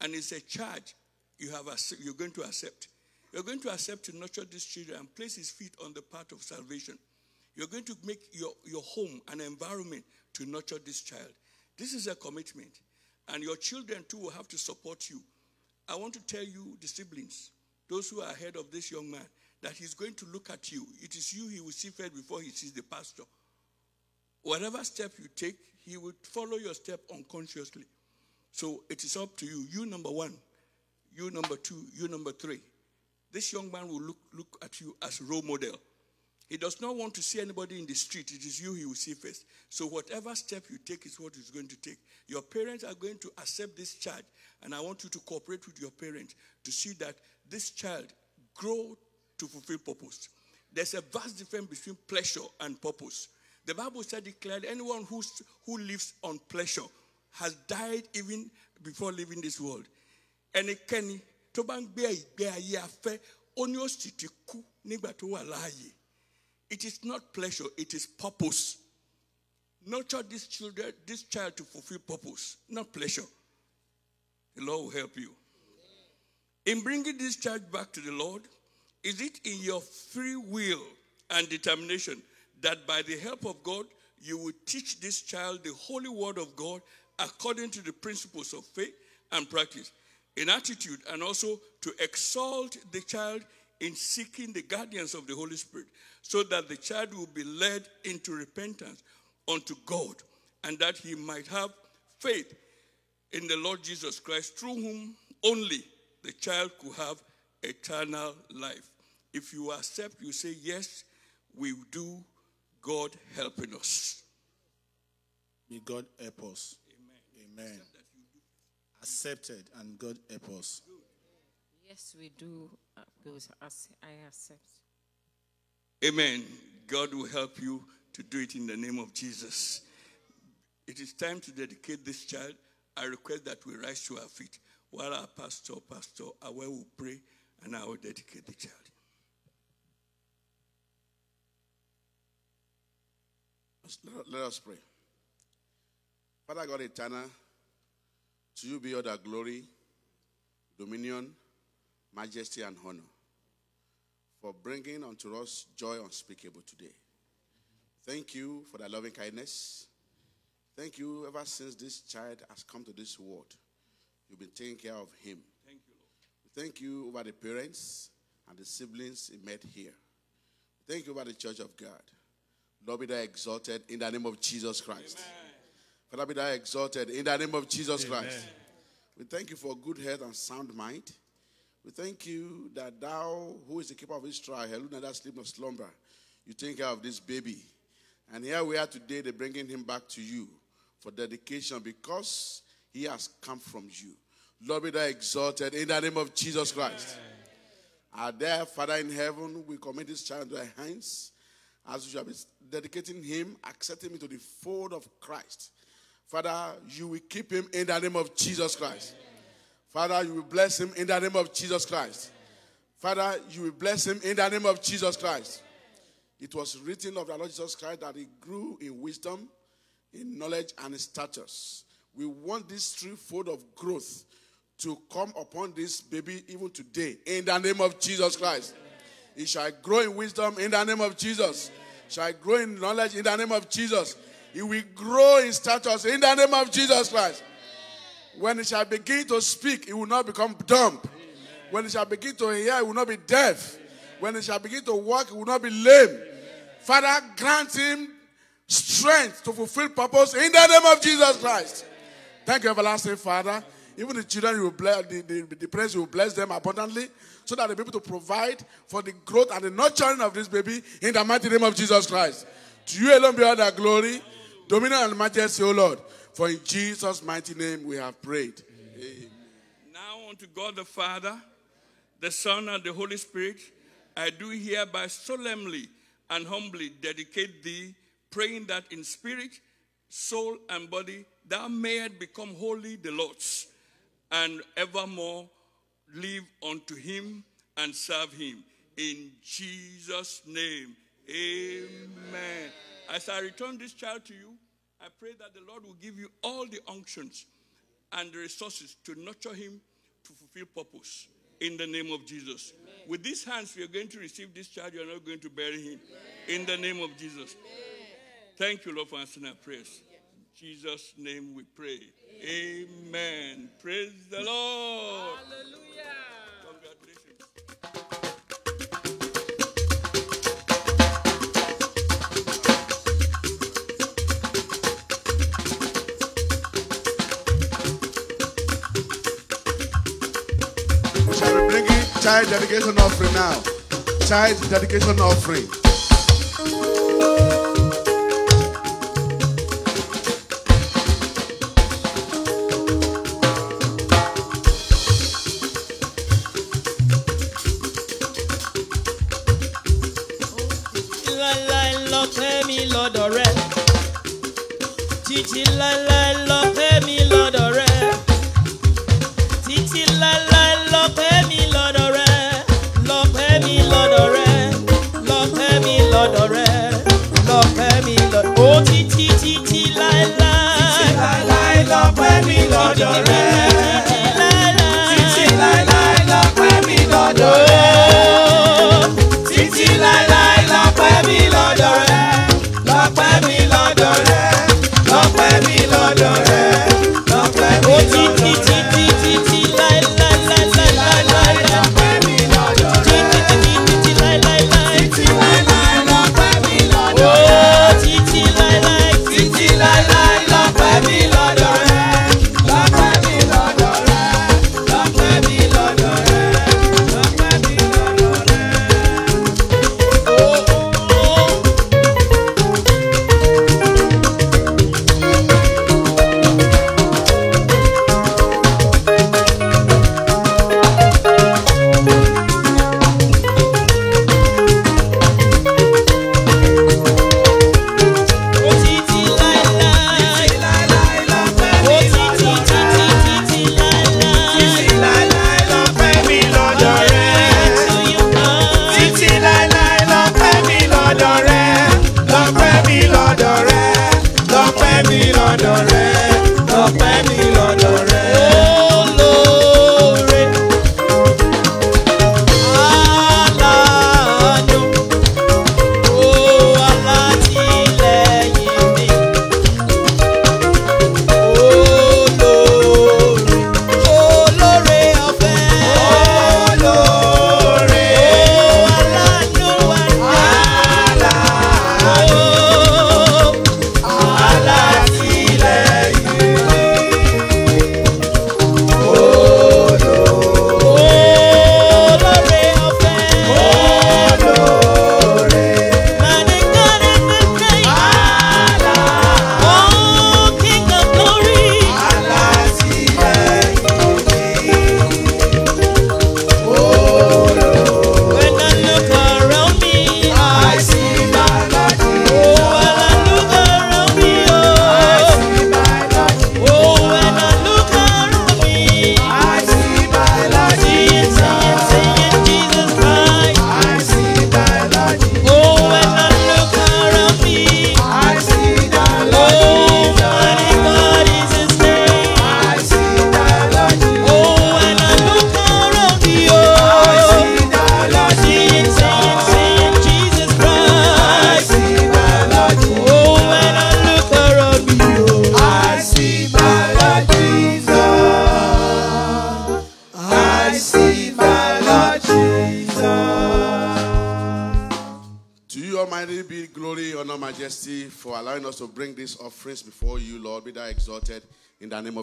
And it's a charge you have you're going to accept. You're going to accept to nurture these children and place his feet on the path of salvation. You're going to make your, your home an environment to nurture this child. This is a commitment. And your children too will have to support you I want to tell you, the siblings, those who are ahead of this young man, that he's going to look at you. It is you he will see first before he sees the pastor. Whatever step you take, he will follow your step unconsciously. So it is up to you. You number one, you number two, you number three. This young man will look, look at you as role model. He does not want to see anybody in the street. It is you he will see first. So, whatever step you take is what he's going to take. Your parents are going to accept this child, and I want you to cooperate with your parents to see that this child grow to fulfill purpose. There's a vast difference between pleasure and purpose. The Bible said declared anyone who, who lives on pleasure has died even before leaving this world. kú nígbà tó it is not pleasure, it is purpose. Nurture this children, this child to fulfill purpose, not pleasure. The Lord will help you. In bringing this child back to the Lord, is it in your free will and determination that by the help of God, you will teach this child the holy word of God according to the principles of faith and practice, in attitude, and also to exalt the child in seeking the guardians of the Holy Spirit so that the child will be led into repentance unto God and that he might have faith in the Lord Jesus Christ, through whom only the child could have eternal life. If you accept, you say, Yes, we do, God helping us.
May God help us.
Amen. Amen. Accepted and God
help
us. Yes, we do. I accept.
Amen. God will help you to do it in the name of Jesus. It is time to dedicate this child. I request that we rise to our feet while our pastor, Pastor Awe, will pray and I will dedicate the child. Let us pray.
Father God eternal, to you be all the glory, dominion, majesty, and honor for bringing unto us joy unspeakable today. Thank you for that loving kindness. Thank you ever since this child has come to this world. You've been taking care of him. Thank you, Lord. Thank you over the parents and the siblings he met here. Thank you over the church of God. Lord, be thou exalted in the name of Jesus Christ. Amen. Father, be thou exalted in the name of Jesus Amen. Christ. We thank you for good health and sound mind. We thank you that thou, who is the keeper of Israel, who neither sleep nor slumber, you take care of this baby. And here we are today, they're bringing him back to you for dedication because he has come from you. Lord, be thou exalted in the name of Jesus Christ. Our dear Father in heaven, we commit this child into thy hands as you shall be dedicating him, accepting him into the fold of Christ. Father, you will keep him in the name of Jesus Christ. Amen. Father, you will bless him in the name of Jesus Christ. Father, you will bless him in the name of Jesus Christ. It was written of the Lord Jesus Christ that he grew in wisdom, in knowledge, and in status. We want this threefold of growth to come upon this baby even today in the name of Jesus Christ. He shall grow in wisdom in the name of Jesus. Shall grow in knowledge in the name of Jesus. He will grow in status in the name of Jesus Christ. When he shall begin to speak, he will not become dumb. Amen. When he shall begin to hear, he will not be deaf. Amen. When he shall begin to walk, he will not be lame. Amen. Father, grant him strength to fulfill purpose in the name of Jesus Christ. Thank you, everlasting Father. Even the children, you will bless, the, the, the parents, you will bless them abundantly so that they'll be able to provide for the growth and the nurturing of this baby in the mighty name of Jesus Christ. To you alone be all the glory, dominion, and majesty, O Lord. For in Jesus' mighty name we have prayed.
Amen. Now unto God the Father, the Son, and the Holy Spirit, I do hereby solemnly and humbly dedicate thee, praying that in spirit, soul, and body thou mayest become holy the Lord's, and evermore live unto him and serve him. In Jesus' name, amen. amen. As I return this child to you, I pray that the Lord will give you all the unctions and the resources to nurture him to fulfill purpose in the name of Jesus. Amen. With these hands, we are going to receive this child. You are not going to bury him Amen. in the name of Jesus. Amen. Thank you, Lord, for answering our prayers. Jesus' name we pray. Amen. Praise the Lord. Hallelujah.
Child dedication offering now. Child dedication offering. your rẹ̀.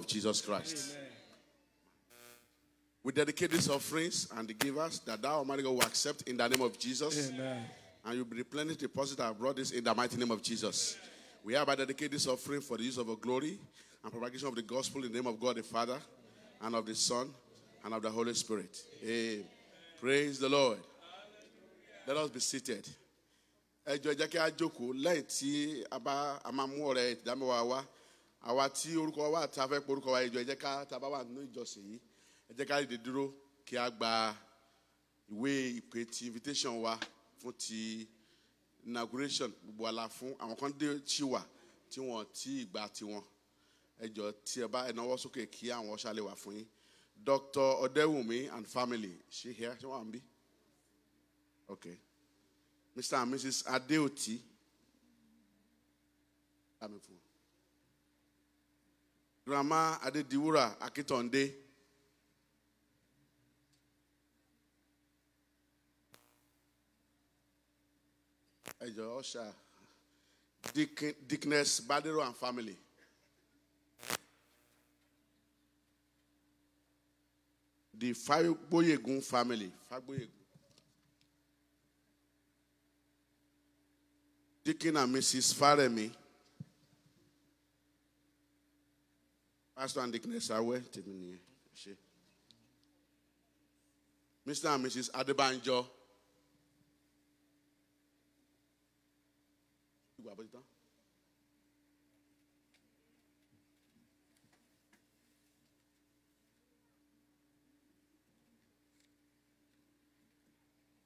of Jesus Christ. Amen. We dedicate these offerings and the givers that thou, Almighty God, will accept in the name of Jesus. Amen. And you'll be replenished the deposit I brought this in the mighty name of Jesus. Amen. We hereby dedicate this offering for the use of our glory and propagation of the gospel in the name of God the Father and of the Son and of the Holy Spirit. Amen. Praise the Lord. Hallelujah. Let us be seated. àwa tí orúkọ wa ta fẹ́ pé orúkọ wa ìjọ ẹ jẹ́ ká ta bá wà nínú ìjọsìn yìí ẹ jẹ́ ká lè dúró kí a gba ìwé ìpè ti invitation wa fún ti inauguration gbogbo ala fún àwọn kan dé tí wà tí wọn ti ìgbà tiwọn ẹ tí ẹ bá ẹ sókè kí àwọn ọṣà lè wà fún yín Dr. Odewumi and family she here she wan be okay Mr. and Mrs. Adeoti. Amen. Rama Adediwura Akitonde. Ejo Dick Dickness Badero and family. The five boyegun family. boyegun. Dickin and Mrs. Faremi. Pastor and Dickness, I will take Mr. and Mrs. Adebanjo.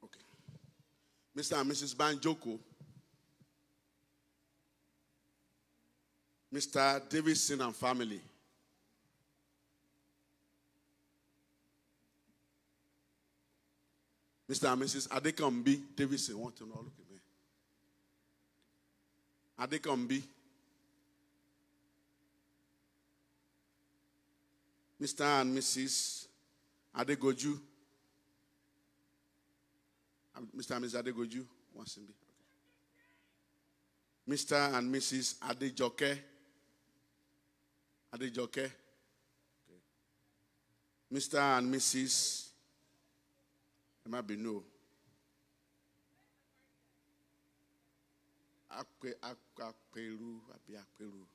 Okay. Mr. and Mrs. Banjoko. Mr. Davidson and family. Mr. and Mrs. Adekambi Davidson want to know. Look at me. Adekambi. Mr. and Mrs. Adegoju. Uh, Mr. and Mrs. Adegoju. Wasimbi. Okay. Mr. and Mrs. Adejoke. Adejoke. Mr. and Mrs. ẹ má akwe o. akpe akpe akperu àbí akperu ẹ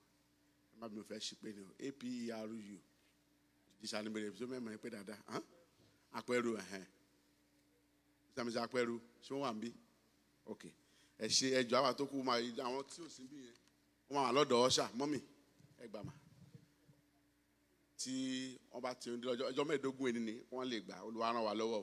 má bínú fẹ́ ṣe pé ni o aperu ìṣàlùmọ̀lẹ̀ tó mẹ́mọ̀ ẹ pé dáadáa akperu ẹ̀hẹ́n ìṣàmìṣà akperu ṣé wọ́n wà ń bí ok ẹ ṣe ẹjọ́ àwọn àtọkù máa yí àwọn tí ò sí bí yẹn wọ́n máa lọ́dọ̀ ọṣà mọ́mì ẹ gbà má tí wọ́n bá ti ń dé ọjọ́ mẹ́ẹ̀ẹ́dógún ẹni ni wọ́n lè gbà olùwárán wa lọ́wọ́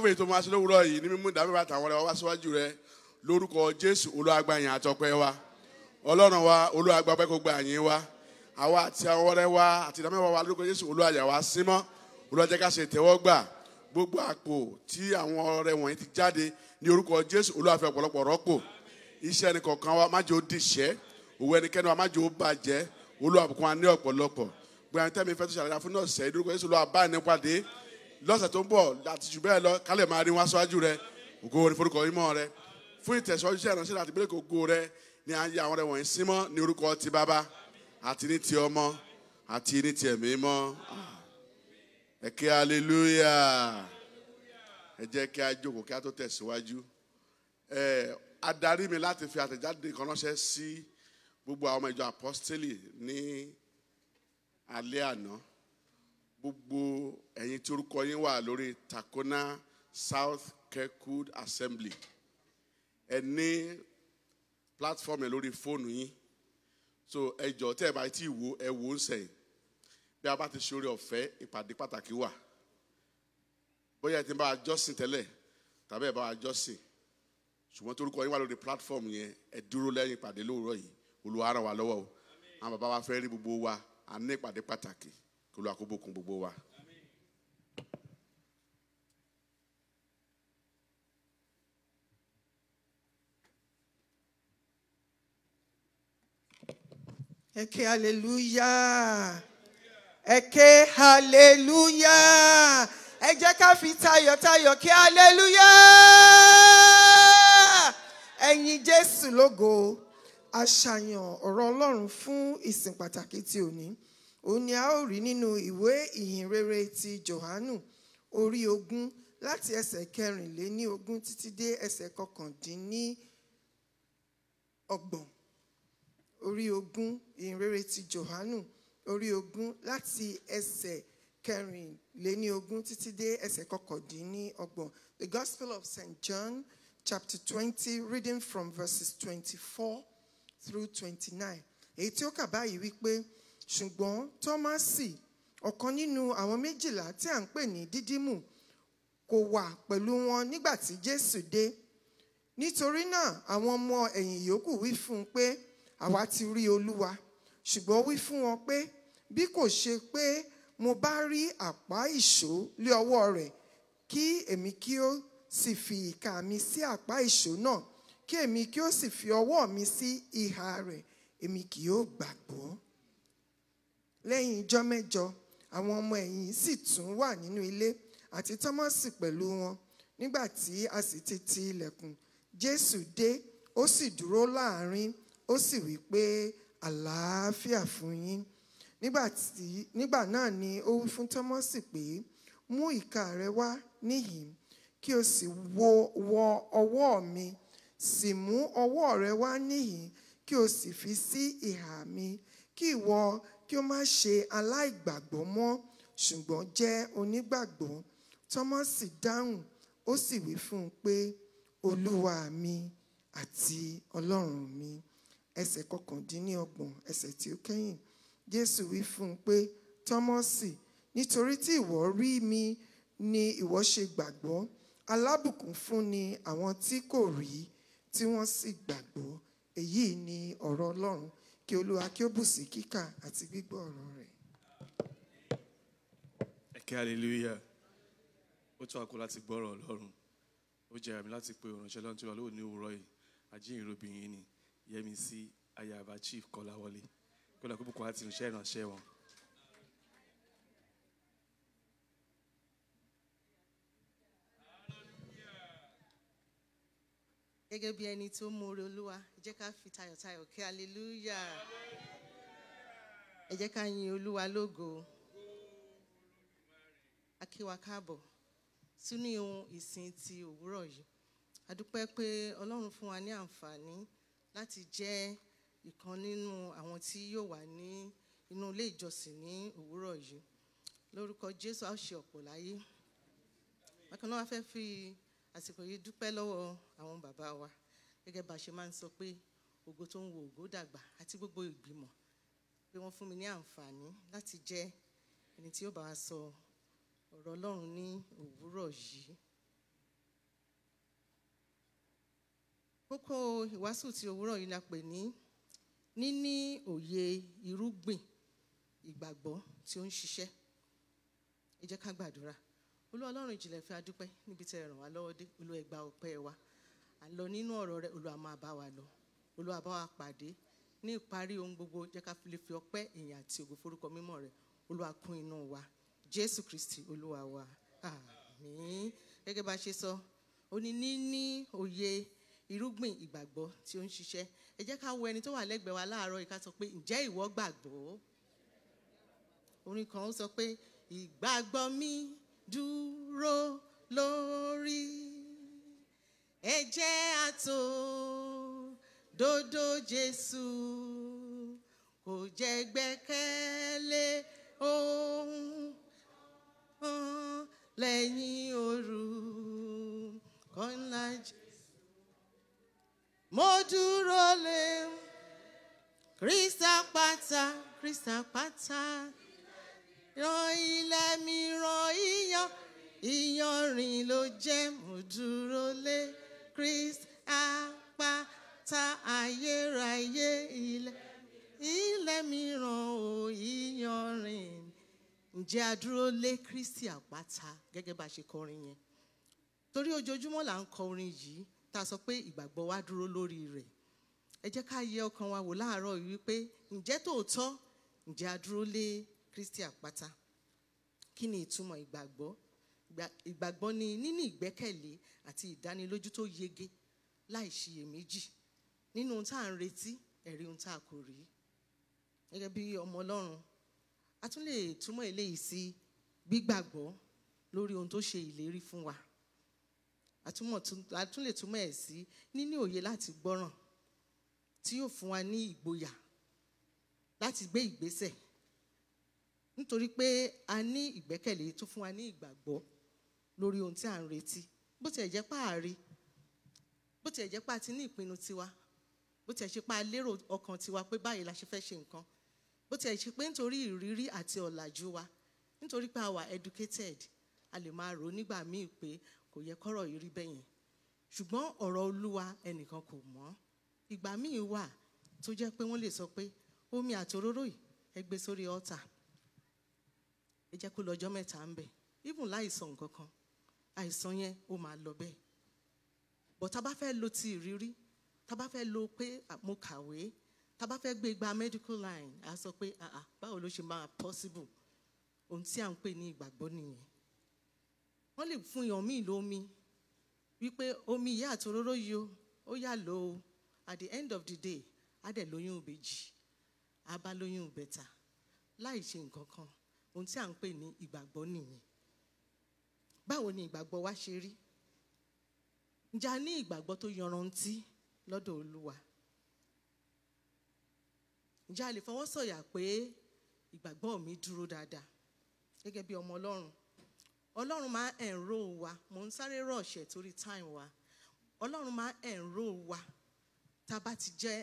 mẹ́fẹ́ ètò máa ṣe lówùúrọ̀ yìí ní mímú ìdámẹ́fà tàwọn ọ̀rẹ́ wa síwájú rẹ lórúkọ jésù olúwàgbàyàn àtọpẹ́ wa ọlọ́run wa olúwàgbàpẹ́ kò gbà yín wa àwa àti àwọn ọ̀rẹ́ wa àti ìdámẹ́fà wa lórúkọ jésù olúwàyà wa símọ́ olúwàjẹ́ká ṣe tẹ́wọ́gbà gbogbo àpò tí àwọn ọ̀rẹ́ wọ̀nyí ti jáde ní orúkọ jésù olúwàfẹ́ ọ̀pọ̀lọpọ̀ rọ́pò wa má jẹ́ ó dìṣẹ́ òwò ẹnikẹ́ni wa má jẹ́ ó bàjẹ́ olúwàbùkún wa ní ọ̀pọ̀lọpọ̀ gbẹ̀yìn tẹ́mi fẹ́ tó ṣàlàyé lọ́sẹ̀ tó ń bọ̀ àti jù bẹ́ẹ̀ lọ kálẹ̀ máa rí wá síwájú rẹ ògo ní forúkọ mímọ́ rẹ fún ìtẹ̀síwájú iṣẹ́ ìránṣẹ́ àti ìbílẹ̀ ògo rẹ ní ayé àwọn rẹ wọ̀nyí símọ́ ní orúkọ ti bàbá àti ní ti ọmọ àti ní ti ẹ̀mí mọ́ ẹ ké aleluya ẹ jẹ́ kí a jókòó kí a tó tẹ̀síwájú ẹ adarí mi láti fi àtẹ̀jáde kan ránṣẹ́ sí gbogbo àwọn ọmọ ìjọ apọ́stélì ní alẹ́ àná gbogbo ẹ̀yin tí orúkọ yín wà lórí Takona South Kirkwood Assembly ẹ ní platform ẹ lórí fóònù yín so ẹ jọ tẹ́ ẹ bá ti wò ẹ wò ń sẹ́yìn bí a bá ti ṣe oore ọ̀fẹ́ ìpàdé pàtàkì wà bóyá ẹ ti bá a jọ́sìn tẹ́lẹ̀ tàbí ẹ bá a jọ́sìn ṣùgbọ́n torúkọ yín wà lórí platform yẹn ẹ dúró lẹ́yìn ìpàdé lóòrọ̀ yìí Olúwa ràn lọ́wọ́ o àwọn bàbá wa fẹ́ rí gbogbo wa à ní ìpàdé pàtàkì olúwa kó bùkún gbogbo wa.
ẹ hallelujah eke hallelujah ẹ jẹ́ ká fi tayọ̀tayọ̀ ké hallelujah ẹ̀yin jésù lógo àṣàyàn ọ̀rọ̀ ọlọ́run fún ìsìn pàtàkì ti òní òun ni a ó rí nínú ìwé ìhìnrere ti Jòhánù orí ogún láti ẹsẹ̀ kẹrìnléní títí dé ẹsẹ̀ kọkàndínní orí ogún ìhìnrere ti Jòhánù orí ogún láti ẹsẹ̀ kẹrìnléní títí dé ẹsẹ̀ kọkàndínní The Gospel of St. John chapter twenty reading from verses twenty-four through twenty-nine èyí tí ó kà báyìí wípé ṣùgbọ́n tọ́másì ọ̀kan nínú àwọn méjìlá tí à ń pè ní dídímù kò wà pẹ̀lú wọn nígbà tí jésù dé nítorí náà àwọn ọmọ ẹ̀yìn yòókù wí fún un pé àwa ti rí olúwa ṣùgbọ́n wí fún wọn pé bí kò ṣe pé mo bá rí àpá ìṣó lé ọwọ́ rẹ̀ kí èmi kí ó sì fi ìka mi sí àpá ìṣó náà kí èmi kí ó sì fi ọwọ́ mi sí ìhà rẹ̀ èmi kì yóò gbàgbọ́ lẹ́yìn ijọ́ mẹ́jọ àwọn ọmọ ẹ̀yìn sì tún wà nínú ilé àti tọ́mọ́sì pẹ̀lú wọn nígbà tí a sì ti ti ilẹ̀kùn jésù dé ó sì dúró láàrin ó sì wí pé àlàáfíà fún yín nígbà náà ni ó wí fún tọ́mọ́sì pé mú ìka rẹ wá níhìn kí o sì wọ ọwọ́ mi sì mú ọwọ́ rẹ wá níhìn kí o sì fi sí ìhà mi kí ìwọ kí ó má ṣe aláìgbàgbọ́ mọ́ ṣùgbọ́n jẹ́ onígbàgbọ́ tọ́mọ́sì dáhùn ó sì wí fún un pé olúwa mi àti ọlọ́run mi ẹsẹ̀ kọkàndínlọ́gbọ̀n ẹsẹ̀ tí ó kẹ́yìn jésù wí fún un pé tọ́mọ́sì nítorí tí ìwọ rí mi ni ìwọ ṣe gbàgbọ́ alábùkún fún ni àwọn tí kò rí tí wọ́n sì gbàgbọ́ èyí ni ọ̀rọ̀ ọlọ́run kí olúwa kí ó bùsí kíkà àti gbígbọ́ ọ̀rọ̀ rẹ̀.
ẹ̀kẹ́ hallelujah ó tó àkó láti gbọ́rọ̀ ọlọ́run ó jẹ́ àmì láti pe òrànṣẹ́ lọ́run tí wà lóòní òwúrọ̀ yìí àjíǹrobìnrin ni yẹmi sí ayaba chief kọ́láwọlé kó bùkún àti ìrìnsẹ́ ìrànṣẹ́ wọn.
gẹ́gẹ́ bí ẹni tó mú oore olúwa ẹ jẹ́ ká fi tayọ̀tayọ̀ kí aleluya ẹ jẹ́ ká yin olúwa lógo a kí wa káàbọ̀ sínú ohun ìsìn ti òwúrọ̀ yìí a dúpẹ́ pé ọlọ́run fún wa ní àǹfààní láti jẹ́ ìkan nínú àwọn tí yóò wà ní inú ilé ìjọsìn ní òwúrọ̀ yìí lórúkọ jésù a ó ṣe ọ̀pọ̀ láyé bákan náà a fẹ́ fi àsìkò yìí dúpẹ́ lọ́wọ́ àwọn bàbá wa gẹ́gẹ́ bá a ṣe máa ń sọ pé ògo tó ń wo ògo dàgbà àti gbogbo ìgbìmọ̀ pé wọ́n fún mi ní àǹfààní láti jẹ́ ẹni tí ó bá sọ ọ̀rọ̀ Ọlọ́run ní òwúrọ̀ yìí. kókó ìwàásù ti òwúrọ̀ yìí la pè ní níní òye irúgbìn ìgbàgbọ́ tí ó ń ṣiṣẹ́ ẹ jẹ́ ká gbàdúrà olúwa ọlọ́run ìjìnlẹ̀ fẹ́ adúpẹ́ níbi tẹ́ ẹ ràn wá lọ́wọ́ dé olúwa ẹ gba ọpẹ́ wa à ń lọ nínú ọ̀rọ̀ rẹ olúwa máa bá wa lọ olúwa bá wa pàdé ní ìparí ohun gbogbo jẹ́ ká lè fi ọpẹ́ ìyìn àti ògo forúkọ mímọ́ rẹ olúwa kún inú wa jésù kristi olúwa wa àmín gẹ́gẹ́ bá a ṣe sọ ó ní níní òye irúgbìn ìgbàgbọ́ tí ó ń ṣiṣẹ́ ẹ jẹ́ ká wo ẹni tó wà lẹ́gbẹ̀ẹ́ wa láàárọ̀ yìí ká sọ pé ǹjẹ́ ìwọ gbàgbọ́ orin kan ó sọ pé ìgbàgbọ́ mi dúró lórí ẹ jẹ́ àtò dòdò Jésù kò jẹ́ gbẹ́kẹ̀lé ohun lẹ́yìn òru kọ́ńlá mo dúró lé Kristi àpáta ran ilẹ̀ mi ran iyán iyanrìn ló jẹ́ mo dúró lé Kristi àpáta ayérayé ilẹ̀ ilẹ̀ mi ràn ó iyanrìn ǹjẹ́ a dúró lé Kristi àpáta gẹ́gẹ́ bá a ṣe kọrin yẹn torí ojoojúmọ́ là ń kọ orin yìí tá a sọ pé ìgbàgbọ́ wa dúró lórí rẹ̀ ẹ jẹ́ ká yẹ ọkàn wa wò láàárọ̀ yìí wípé ǹjẹ́ tòótọ́ ǹjẹ́ a lé Kristi àpáta kí ni ìtumọ̀ ìgbàgbọ́ ìgbàgbọ́ ni níní ìgbẹ́kẹ̀lé àti ìdánilójú tó yege láì ṣiyèméjì nínú ohun tá à ń retí ẹ̀rí ohun tá a kò rí gẹ́gẹ́ bí ọmọ Ọlọ́run a tún lè túmọ̀ eléyìí sí gbígbàgbọ́ lórí ohun tó ṣe ìlérí fún wa a tún lè túmọ̀ ẹ̀ sí níní òye láti gbọ́ràn tí yóò fún wa ní ìgboyà láti gbé ìgbésẹ̀ nítorí pé a ní ìgbẹ́kẹ̀lé tó fún wa ní ìgbàgbọ́ lórí ohun tí à ń retí bó tiẹ̀ jẹ́ pa àárí bó tiẹ̀ jẹ́ pa ti ní ìpinnu tiwa bó tiẹ̀ ṣe pa lérò ọkàn tiwa pé báyìí la ṣe fẹ́ ṣe nǹkan bó tiẹ̀ ṣe pé nítorí ìrírí àti ọ̀làjú wa nítorí pé a wà educated a lè máa rò nígbà míì pé kò yẹ kọ́rọ̀ yìí rí bẹ́yìn ṣùgbọ́n ọ̀rọ̀ olúwa ẹnìkan kò mọ̀ ìgbà míì wà tó jẹ́ pé wọ́n lè sọ pé omi àtòróró yìí ẹ sórí ọ̀tà ẹ jẹ́ kó lọ́jọ́ mẹ́ta ń bẹ̀ even láìsàn nǹkan kan àìsàn yẹn ó máa lọ bẹ́ẹ̀ but tá a bá fẹ́ lo ti ìrírí tá a bá fẹ́ lo pé mo kàwé tá bá fẹ́ gbé gba medical line a sọ pé àà báwo ló ṣe máa possible ohun tí à ń pè ní ìgbàgbọ́ nìyẹn wọ́n lè fún yàn míì lómi wípé omi ìyá àtòróró yìí o ó yà lò ó at the end of the day á dẹ̀ lóyún ìbejì á bá lóyún ìbẹ̀ta láì ṣe nǹkan kan ohun tí à ń pè ní ìgbàgbọ́ nìyẹn báwo ni ìgbàgbọ́ wa ṣe rí ǹjẹ́ a ní ìgbàgbọ́ tó yanrantí lọ́dọ̀ Olúwa ǹjẹ́ a lè fọwọ́ sọ̀yà pé ìgbàgbọ́ mi dúró dáadáa gẹ́gẹ́ bí ọmọ Ọlọ́run Ọlọ́run máa ẹ̀ǹró wa mò ń sáré rọ̀ṣẹ̀ torí time wa Ọlọ́run máa ẹ̀ǹró wa tá a bá ti jẹ́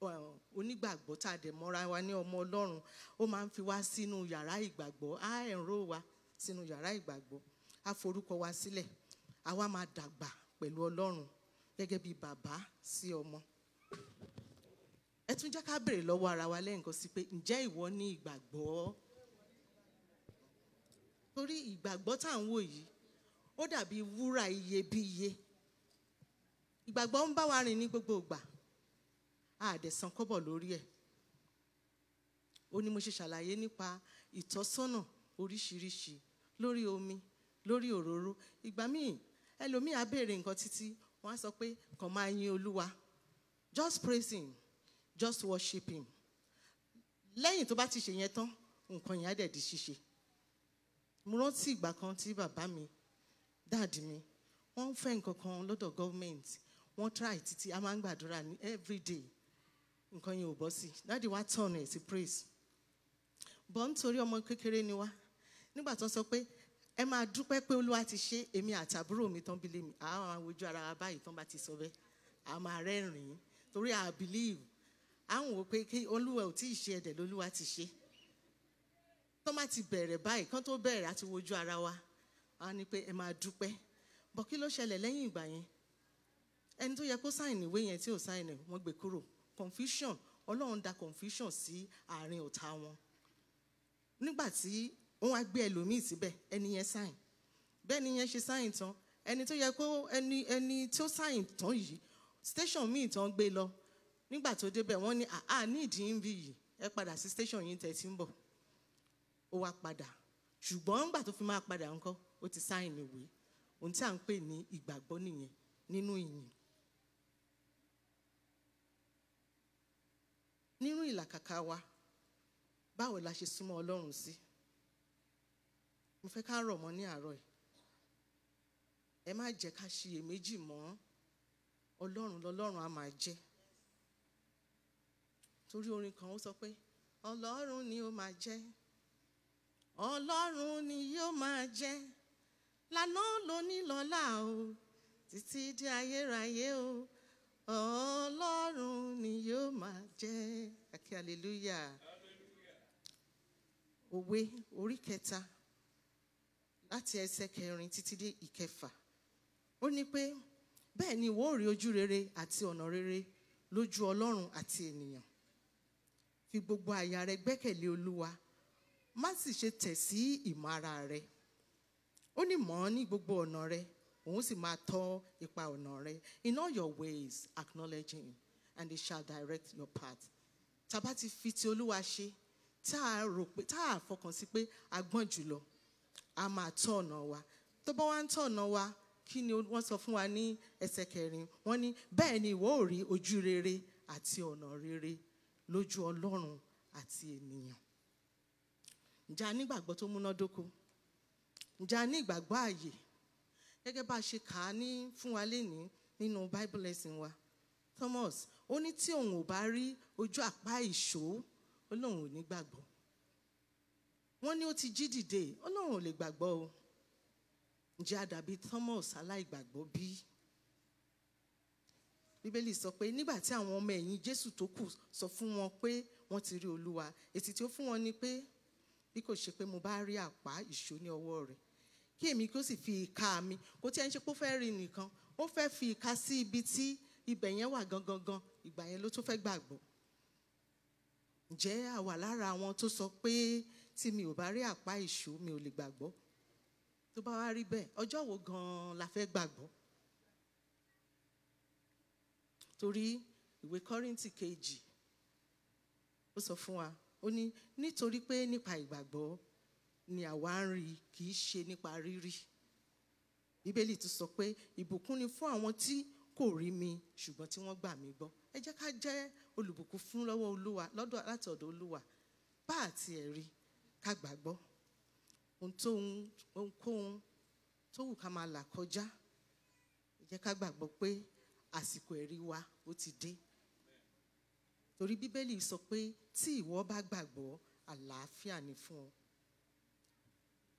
onígbàgbọ́ tá a dẹ̀ mọ́ra wa ní ọmọ ọlọ́run ó máa ń fi wá sínú yàrá ìgbàgbọ́ á ẹ̀rọ wa sínú yàrá ìgbàgbọ́ á forúkọ wa sílẹ̀ á wá máa dàgbà pẹ̀lú ọlọ́run gẹ́gẹ́ bí bàbá sí ọmọ. ẹ tún jẹ́ ká béèrè lọ́wọ́ ara wa lẹ́ǹkan sí pé ǹjẹ́ ìwọ ní ìgbàgbọ́ torí ìgbàgbọ́ tá à ń wò yìí ó dàbí wúrà iyebíye ìgbàgbọ́ ń bá wa rìn ní gbogbo ìgbà àdẹ̀sán kọ́bọ̀ lórí ẹ̀ ó ní mo ṣe ṣàlàyé nípa ìtọ́sọ́nà oríṣiríṣi lórí omi lórí òróró ìgbà míì ẹlòmíì á béèrè nǹkan títí wọ́n á sọ pé kàn máa yin olúwa just praise him just worship him lẹ́yìn tó bá ti ṣe yẹn tán nǹkan yẹn á dẹ̀ di ṣíṣe mo rántí ìgbà kan tí bàbá mi dáàdì mi wọ́n ń fẹ́ nǹkan kan lọ́dọ̀ gọ́ọ̀mẹ̀ntì wọ́n try títí a máa ń gbàdúrà ní every day nǹkan yẹn ò bọ́ sí dáàdi wa tọ̀nù ẹ̀ sí praise bọ́ nítorí ọmọ kékeré ni wá nígbà tó sọ pé ẹ máa dúpẹ́ pé olúwa ti ṣe èmi àtàbúrò mi tán bílé mi àá máa wojú ara wa báyìí tán bá ti sọ bẹ́ẹ̀ àá máa rẹ́rìn-ín torí àá believe àá wò pé kí olúwa ò tí ì ṣe ẹ̀dẹ̀ lolúwa ti ṣe tán bá ti bẹ̀rẹ̀ báyìí kán tó bẹ̀rẹ̀ àti wojú ara wa àá ní pé ẹ máa dúpẹ́ bọ́ kí ló ṣẹlẹ̀ lẹ́yìn ìgbà yẹn ẹni tó yẹ kó sáìn ìwé yẹn tí ò sáìn wọ́n gbé kúrò confusion ọlọ́run da confusion sí àárín ọ̀tá wọn nígbà tí wọ́n wá gbé ẹlòmíì síbẹ̀ ẹni yẹn sáìn bẹ́ẹ̀ ni yẹn ṣe sáìn tán ẹni tó yẹ kó ẹni ẹni tó sáìn tán yìí station míì tán gbé lọ nígbà tó débẹ̀ wọ́n ní àá ní ìdí ń bí yìí ẹ padà sí station yìí tẹ̀ tí ń bọ̀ ó wá padà ṣùgbọ́n nígbà tó fi máa padà ńkọ́ ó ti sáìn ìwé ohun tí à ń pè ní ìgbàgbọ́ nìyẹn nínú ìyìn nínú ìlàkàkà wa báwo la ṣe súnmọ́ Ọlọ́run sí mo fẹ́ ká rọ̀ mọ́ ní àárọ̀ yìí ẹ má jẹ́ ká ṣiyèméjì mọ́ Ọlọ́run lọ́lọ́run á máa jẹ́ torí orin kan ó sọ pé Ọlọ́run ni ó máa jẹ́ Ọlọ́run ni yóò máa jẹ́ lánàá lónìí lọ́la o títí di ayérayé o ọlọ́run ni yóò máa jẹ́ àkè aleluya òwe orí kẹta láti ẹsẹ̀ kẹrin títí dé ìkẹfà ó ní pé bẹ́ẹ̀ ni ìwọ ó rí ojú rere àti ọ̀nà rere lójú ọlọ́run àti ènìyàn fi gbogbo àyà rẹ gbẹ́kẹ̀lé olúwa má sì ṣe tẹ̀ sí ìmọ̀ ara rẹ ó ní mọ̀ ọ́ ní gbogbo ọ̀nà rẹ òun sì máa tọ́ ipa ọ̀nà rẹ in all your ways acknowledge him and he shall direct your path tá a bá ti fi ti olúwa ṣe tá a rò pé tá a fọkàn sí pé a gbọ́n jùlọ a máa tọ́ ọ̀nà wa tó bá wá ń tọ́ ọ̀nà wa kí ni wọ́n sọ fún wa ní ẹsẹ̀ kẹrin wọ́n ní bẹ́ẹ̀ ni ìwọ ò rí ojú rere àti ọ̀nà rere lójú ọlọ́run àti ènìyàn ǹjẹ́ a ní ìgbàgbọ́ tó múnádóko ǹjẹ́ a ní ìgbàgbọ́ gẹ́gẹ́ bá a ṣe kà á ní fún wa lénìí nínú bible lesson wa Thomas ó ní tí òun ò bá rí ojú àpá ìṣó ó lóun ò ní gbàgbọ́ wọ́n ní ó ti jí dìde ó lóun ò lè gbàgbọ́ o ǹjẹ́ a Thomas aláìgbàgbọ́ bí bíbélì sọ pé nígbà tí àwọn ọmọ ẹ̀yìn Jésù tó kù sọ fún wọn pé wọ́n ti rí Olúwa èsì tí ó fún wọn ni pé bí kò ṣe pé mo bá rí àpá ìṣó ní ọwọ́ rẹ̀ kí èmi kí ó sì fi ìka mi kò tí ẹ ń ṣe pé ó fẹ́ rí nìkan ó fẹ́ fi ìka sí ibi tí ibẹ̀ yẹn wà gangan ìgbà yẹn ló tó fẹ́ gbàgbọ́ ǹjẹ́ àwa lára àwọn tó sọ pé tí mi ò bá rí àpá ìṣó mi ò lè gbàgbọ́ tó bá wá rí bẹ́ẹ̀ ọjọ́ wo gan-an la fẹ́ gbàgbọ́ torí ìwé kọ́rìntì kejì ó sọ fún wa ó ní nítorí pé nípa ìgbàgbọ́ ni àwa ń rí kì í ṣe nípa rírí bíbélì tún sọ pé ìbùkún ni fún àwọn tí kò rí mi ṣùgbọ́n tí wọ́n gbà mí gbọ́ ẹ jẹ́ ká jẹ́ olùbùkún fún lọ́wọ́ olúwa lọ́dọ̀ láti ọ̀dọ̀ olúwa bá àti ẹ̀rí ká gbàgbọ́ ohun tó ohunkóhun tó wù ká máa là kọjá ẹ jẹ́ ká gbàgbọ́ pé àsìkò ẹ̀rí wa ó ti dé torí bíbélì sọ pé tí ìwọ bá gbàgbọ́ àlàáfíà ni fún ọ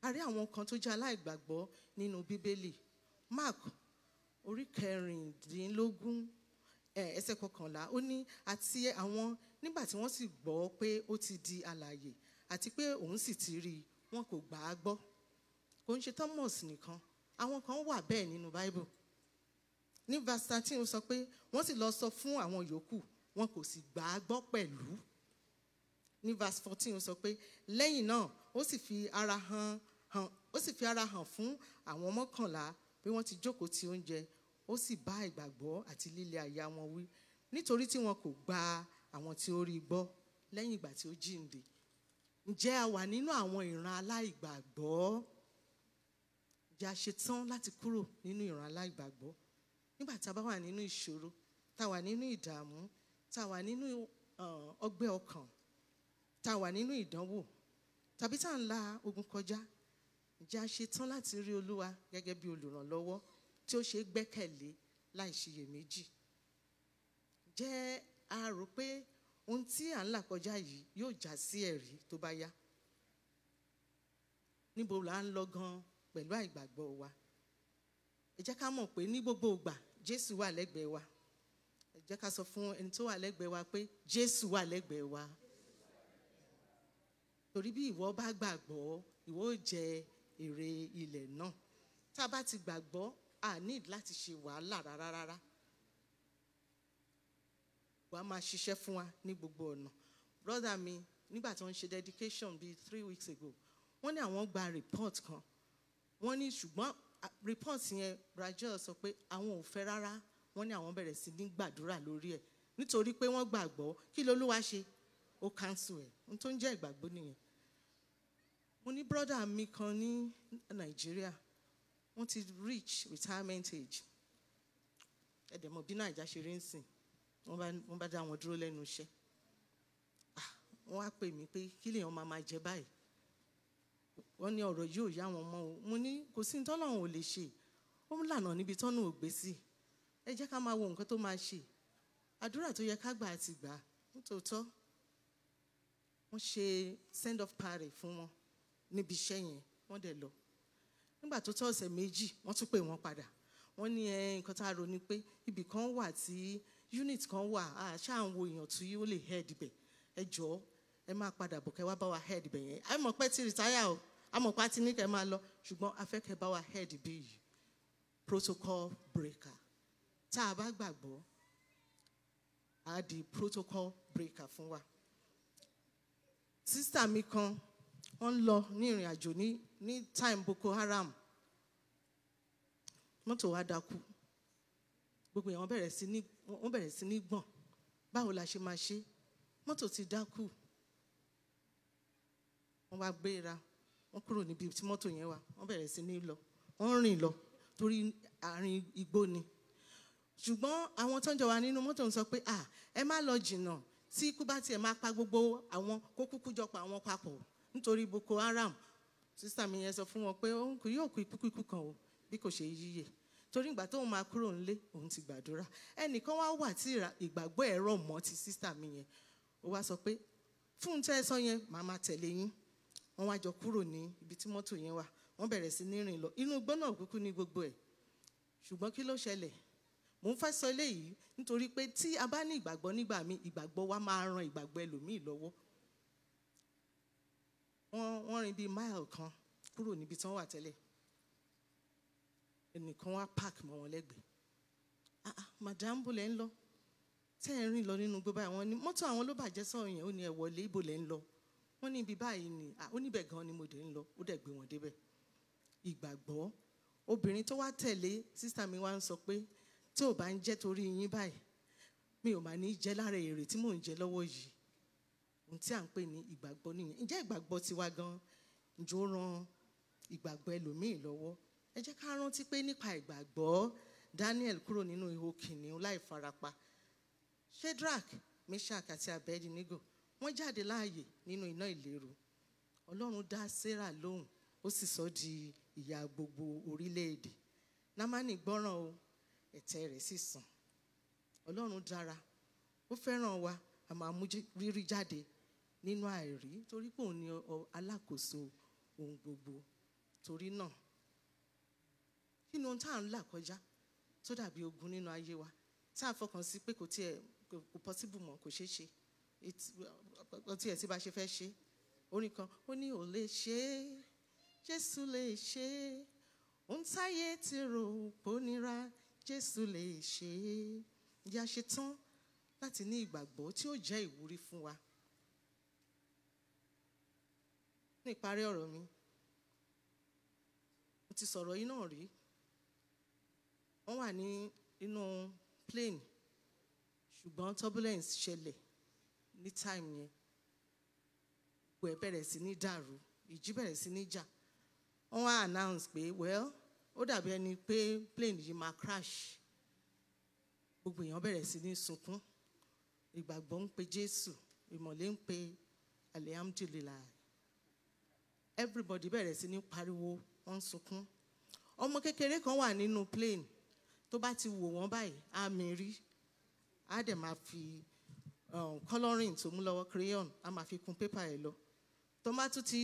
a rí àwọn kan tó jẹ́ aláìgbàgbọ́ nínú bíbélì Mark orí kẹrìndínlógún ẹsẹ̀ kọkànlá ó ní àti àwọn nígbà tí wọ́n sì gbọ́ pé ó ti di alààyè àti pé òun sì ti rí i wọn kò gbà á gbọ́ kò ń ṣe Thomas nìkan àwọn kan wà bẹ́ẹ̀ nínú Bible ní verse thirteen ó sọ pé wọ́n sì lọ sọ fún àwọn yòókù wọn kò sì gbà á gbọ́ pẹ̀lú ní verse fourteen ó sọ pé lẹ́yìn náà ó sì fi ara hàn hàn ó sì fi ara hàn fún àwọn mọ́kànlá bí wọ́n ti jókòó ti oúnjẹ ó sì bá ìgbàgbọ́ àti líle àyà wọn wí nítorí tí wọn kò gba àwọn tí ó rí gbọ́ lẹ́yìn ìgbà tí ó jíǹde ǹjẹ́ a wà nínú àwọn ìran aláìgbàgbọ́ ǹjẹ́ a ṣe tán láti kúrò nínú ìran aláìgbàgbọ́ nígbà tá a bá wà nínú ìṣòro tá a wà nínú ìdààmú tá a wà nínú ọgbẹ́ ọkàn tá a wà nínú ìdánwò tàbí tá a ń la ogun kọjá ǹjẹ́ a ṣe tán láti rí olúwa gẹ́gẹ́ bí olùrànlọ́wọ́ tí ó ṣe gbẹ́kẹ̀lé láì ṣiyèméjì jẹ́ a rò pé ohun tí à ń là kọjá yìí yóò já sí ẹ̀rí tó bá yá níbo là ń lọ gan pẹ̀lú àìgbàgbọ́ wa ẹ jẹ́ ká mọ̀ pé ní gbogbo ìgbà Jésù wà lẹ́gbẹ̀ẹ́ wa ẹ jẹ́ ká sọ fún ẹni tó wà lẹ́gbẹ̀ẹ́ wa pé Jésù wà lẹ́gbẹ̀ẹ́ wa torí bí ìwọ bá gbàgbọ́ ìwọ ó jẹ èrè ilẹ̀ náà tá a bá ti gbàgbọ́ a need láti ṣe wàhálà rárá rárá wàá máa ṣiṣẹ́ fún wa ní gbogbo ọ̀nà brother mi nígbà tí wọ́n ṣe dedication bíi three weeks ago wọ́n ní àwọn gba report kan wọ́n ní ṣùgbọ́n report yẹn Brazil sọ pé àwọn ò fẹ́ rárá wọ́n ní àwọn bẹ̀rẹ̀ sí ní gbàdúrà lórí ẹ̀ nítorí pé wọ́n gbàgbọ́ kí lolúwa ṣe ó cancel ẹ̀ ohun tó ń jẹ́ ìgbàgbọ́ nìyẹn mo ní brọ́dà mi kan ní nàìjíríà wọ́n ti reach retirement age ẹ̀dẹ̀ mọ̀ bí nàìjà ṣe rí ń sìn wọ́n bá dá wọn dúró lẹ́nu iṣẹ́ ah, wọ́n wá pè mí pé kí lèèyàn máa máa jẹ báyìí wọ́n ní ọ̀rọ̀ yóò yá wọn mọ́ o mo ní kò sí ní tọ́lọ́run ò lè ṣe ó ń lànà níbi tọ́nù ò gbé sí ẹ jẹ́ ká máa wo nǹkan tó máa ṣe àdúrà tó yẹ ká gbà àti gbà nítòótọ́ wọ́n ṣe send off party fún wọn níbi iṣẹ́ yẹn wọ́n dẹ̀ lọ nígbà tó tó ọ̀sẹ̀ méjì wọ́n tún pè wọ́n padà wọ́n ní ẹ nǹkan tá a rò ni pé ibì kan wà tí unit kan wà á ṣáà ń wo èèyàn tí ó lè head bẹ̀ ẹ jọ̀ọ́ ẹ máa padà bọ̀ kẹ́ wá bá wa head bẹ̀ yẹn ẹ mọ̀ ti retire o a mọ̀ ti ní kẹ́ máa lọ ṣùgbọ́n a kẹ́ bá wa head bí yìí protocol breaker tá a bá gbàgbọ́ a di protocol breaker fún wa sísítà mi kan wọ́n ń lọ ní ìrìn àjò ní ní time Boko Haram mọ́tò wa dákú gbogbo èèyàn bẹ̀rẹ̀ sí ní wọ́n bẹ̀rẹ̀ sí ní gbọ̀n báwo la ṣe máa ṣe mọ́tò ti dákú wọ́n wá gbéra wọ́n kúrò níbi tí mọ́tò yẹn wà wọ́n bẹ̀rẹ̀ sí ní lọ wọ́n rìn lọ torí àárín igbó ni ṣùgbọ́n àwọn tó ń jọ wà nínú mọ́tò ń sọ pé ah ẹ má lọ jìnnà tí ikú bá tiẹ̀ máa pa gbogbo àwọn kó kúkú jọ pa àwọn papọ̀ nítorí Boko Haram sísá mi yẹn sọ fún wọn pé òun kò yóò kú ikú ikú kan o bí kò ṣe yíyẹ torí ìgbà tóun máa kúrò nílé òun ti gbàdúrà ẹnìkan wá wà tí ìgbàgbọ́ ẹ̀ rọ̀ mọ́ ti sísá mi yẹn ó wá sọ pé fún un tẹ́ ẹ sọ yẹn màá máa tẹ̀lé yín wọ́n wá jọ kúrò ní ibi tí mọ́tò yẹn wà wọ́n bẹ̀rẹ̀ sí ní rìn lọ inú igbó náà kúkú ní gbogbo ẹ̀ ṣùgbọ́n kí ló ṣẹlẹ̀ mò ń fẹ́ sọ eléyìí nítorí pé tí a bá ní ìgbàgbọ́ nígbà míì ìgbàgbọ́ wa máa ran ìgbàgbọ́ ẹlòmíì lọ́wọ́ wọ́n wọ́n rìn bíi mile kan kúrò níbi tí wọ́n wà tẹ́lẹ̀ ẹnìkan wá park mọ́ wọn lẹ́gbẹ̀ẹ́ ah ah madam bó lẹ́ ń lọ tẹ́ ẹ̀ ń rìn lọ nínú gbogbo àwọn ní mọ́tò àwọn ló bàjẹ́ sọ̀rọ̀ yẹn ó ní ẹ̀ wọlé ibo lẹ́ ń lọ wọ́n ní ibi báyìí ni ah, ó níbẹ̀ gan ni mo dé ń lọ ó dẹ̀ gbé wọn débẹ̀ ìgbàgbọ́ obìnrin tó wá tẹ̀lé sísá mi wá ń sọ pé tí ò bá ń jẹ́ torí yín báyìí mi ò mà ní jẹ́ lára èrè tí mò ń jẹ lọ́wọ́ yìí ohun tí à ń pè ní ìgbàgbọ́ nìyẹn ǹjẹ́ ìgbàgbọ́ tiwa gan ǹjọ́ ran ìgbàgbọ́ ẹlòmíì lọ́wọ́ ẹ jẹ́ ká rántí pé nípa ìgbàgbọ́ Daniel kúrò nínú ihò kìnìún láì farapa Shedrach Meshach àti Abednego wọ́n jáde láàyè nínú iná ìléru Ọlọ́run dá Sarah lóhùn ó sì sọ di ìyá gbogbo orílẹ̀-èdè Námánì gbọ́ràn o ẹ̀tẹ́ rẹ̀ sì sàn Ọlọ́run dára ó fẹ́ràn wa a máa rírí jáde nínú àìrí torí pé òun ni alákòóso ohun gbogbo torí náà kí ni ohun tá à ń là kọjá tó dàbí ogun nínú ayé wa tá a fọkàn sí pé kò tiẹ̀ kò pọ́síbù mọ́ kò ṣeé ṣe kò tiẹ̀ tí bá ṣe fẹ́ ṣe orin kan ó ní ò lè ṣe é Jésù lè ṣe é ohun táyé ti rò pó nira Jésù lè ṣe é ìyá ṣe tán láti ní ìgbàgbọ́ tí ó jẹ́ ìwúrí fún wa. ní ìparí ọ̀rọ̀ mi mo ti sọ̀rọ̀ yìí náà rí wọ́n wà ní inú plane ṣùgbọ́n turbulence ṣẹlẹ̀ ní time yẹn gbogbo ẹ̀ bẹ̀rẹ̀ sí ní dàrú ìjì bẹ̀rẹ̀ sí ní jà wọ́n wá announce pé well ó dàbí ẹni pé plane yìí máa crash gbogbo èèyàn bẹ̀rẹ̀ sí ní sunkún ìgbàgbọ́ ń pe Jésù ìmọ̀lé ń pe alihamudulilayi everybody bẹ̀rẹ̀ sí ní pariwo wọ́n ń sunkún ọmọ kékeré kan wà nínú plane tó bá ti wò wọ́n báyìí á mi rí á dẹ̀ máa fi um, coloring tó mú lọ́wọ́ crayon á máa fi kún pépà ẹ̀ lọ tó bá tún ti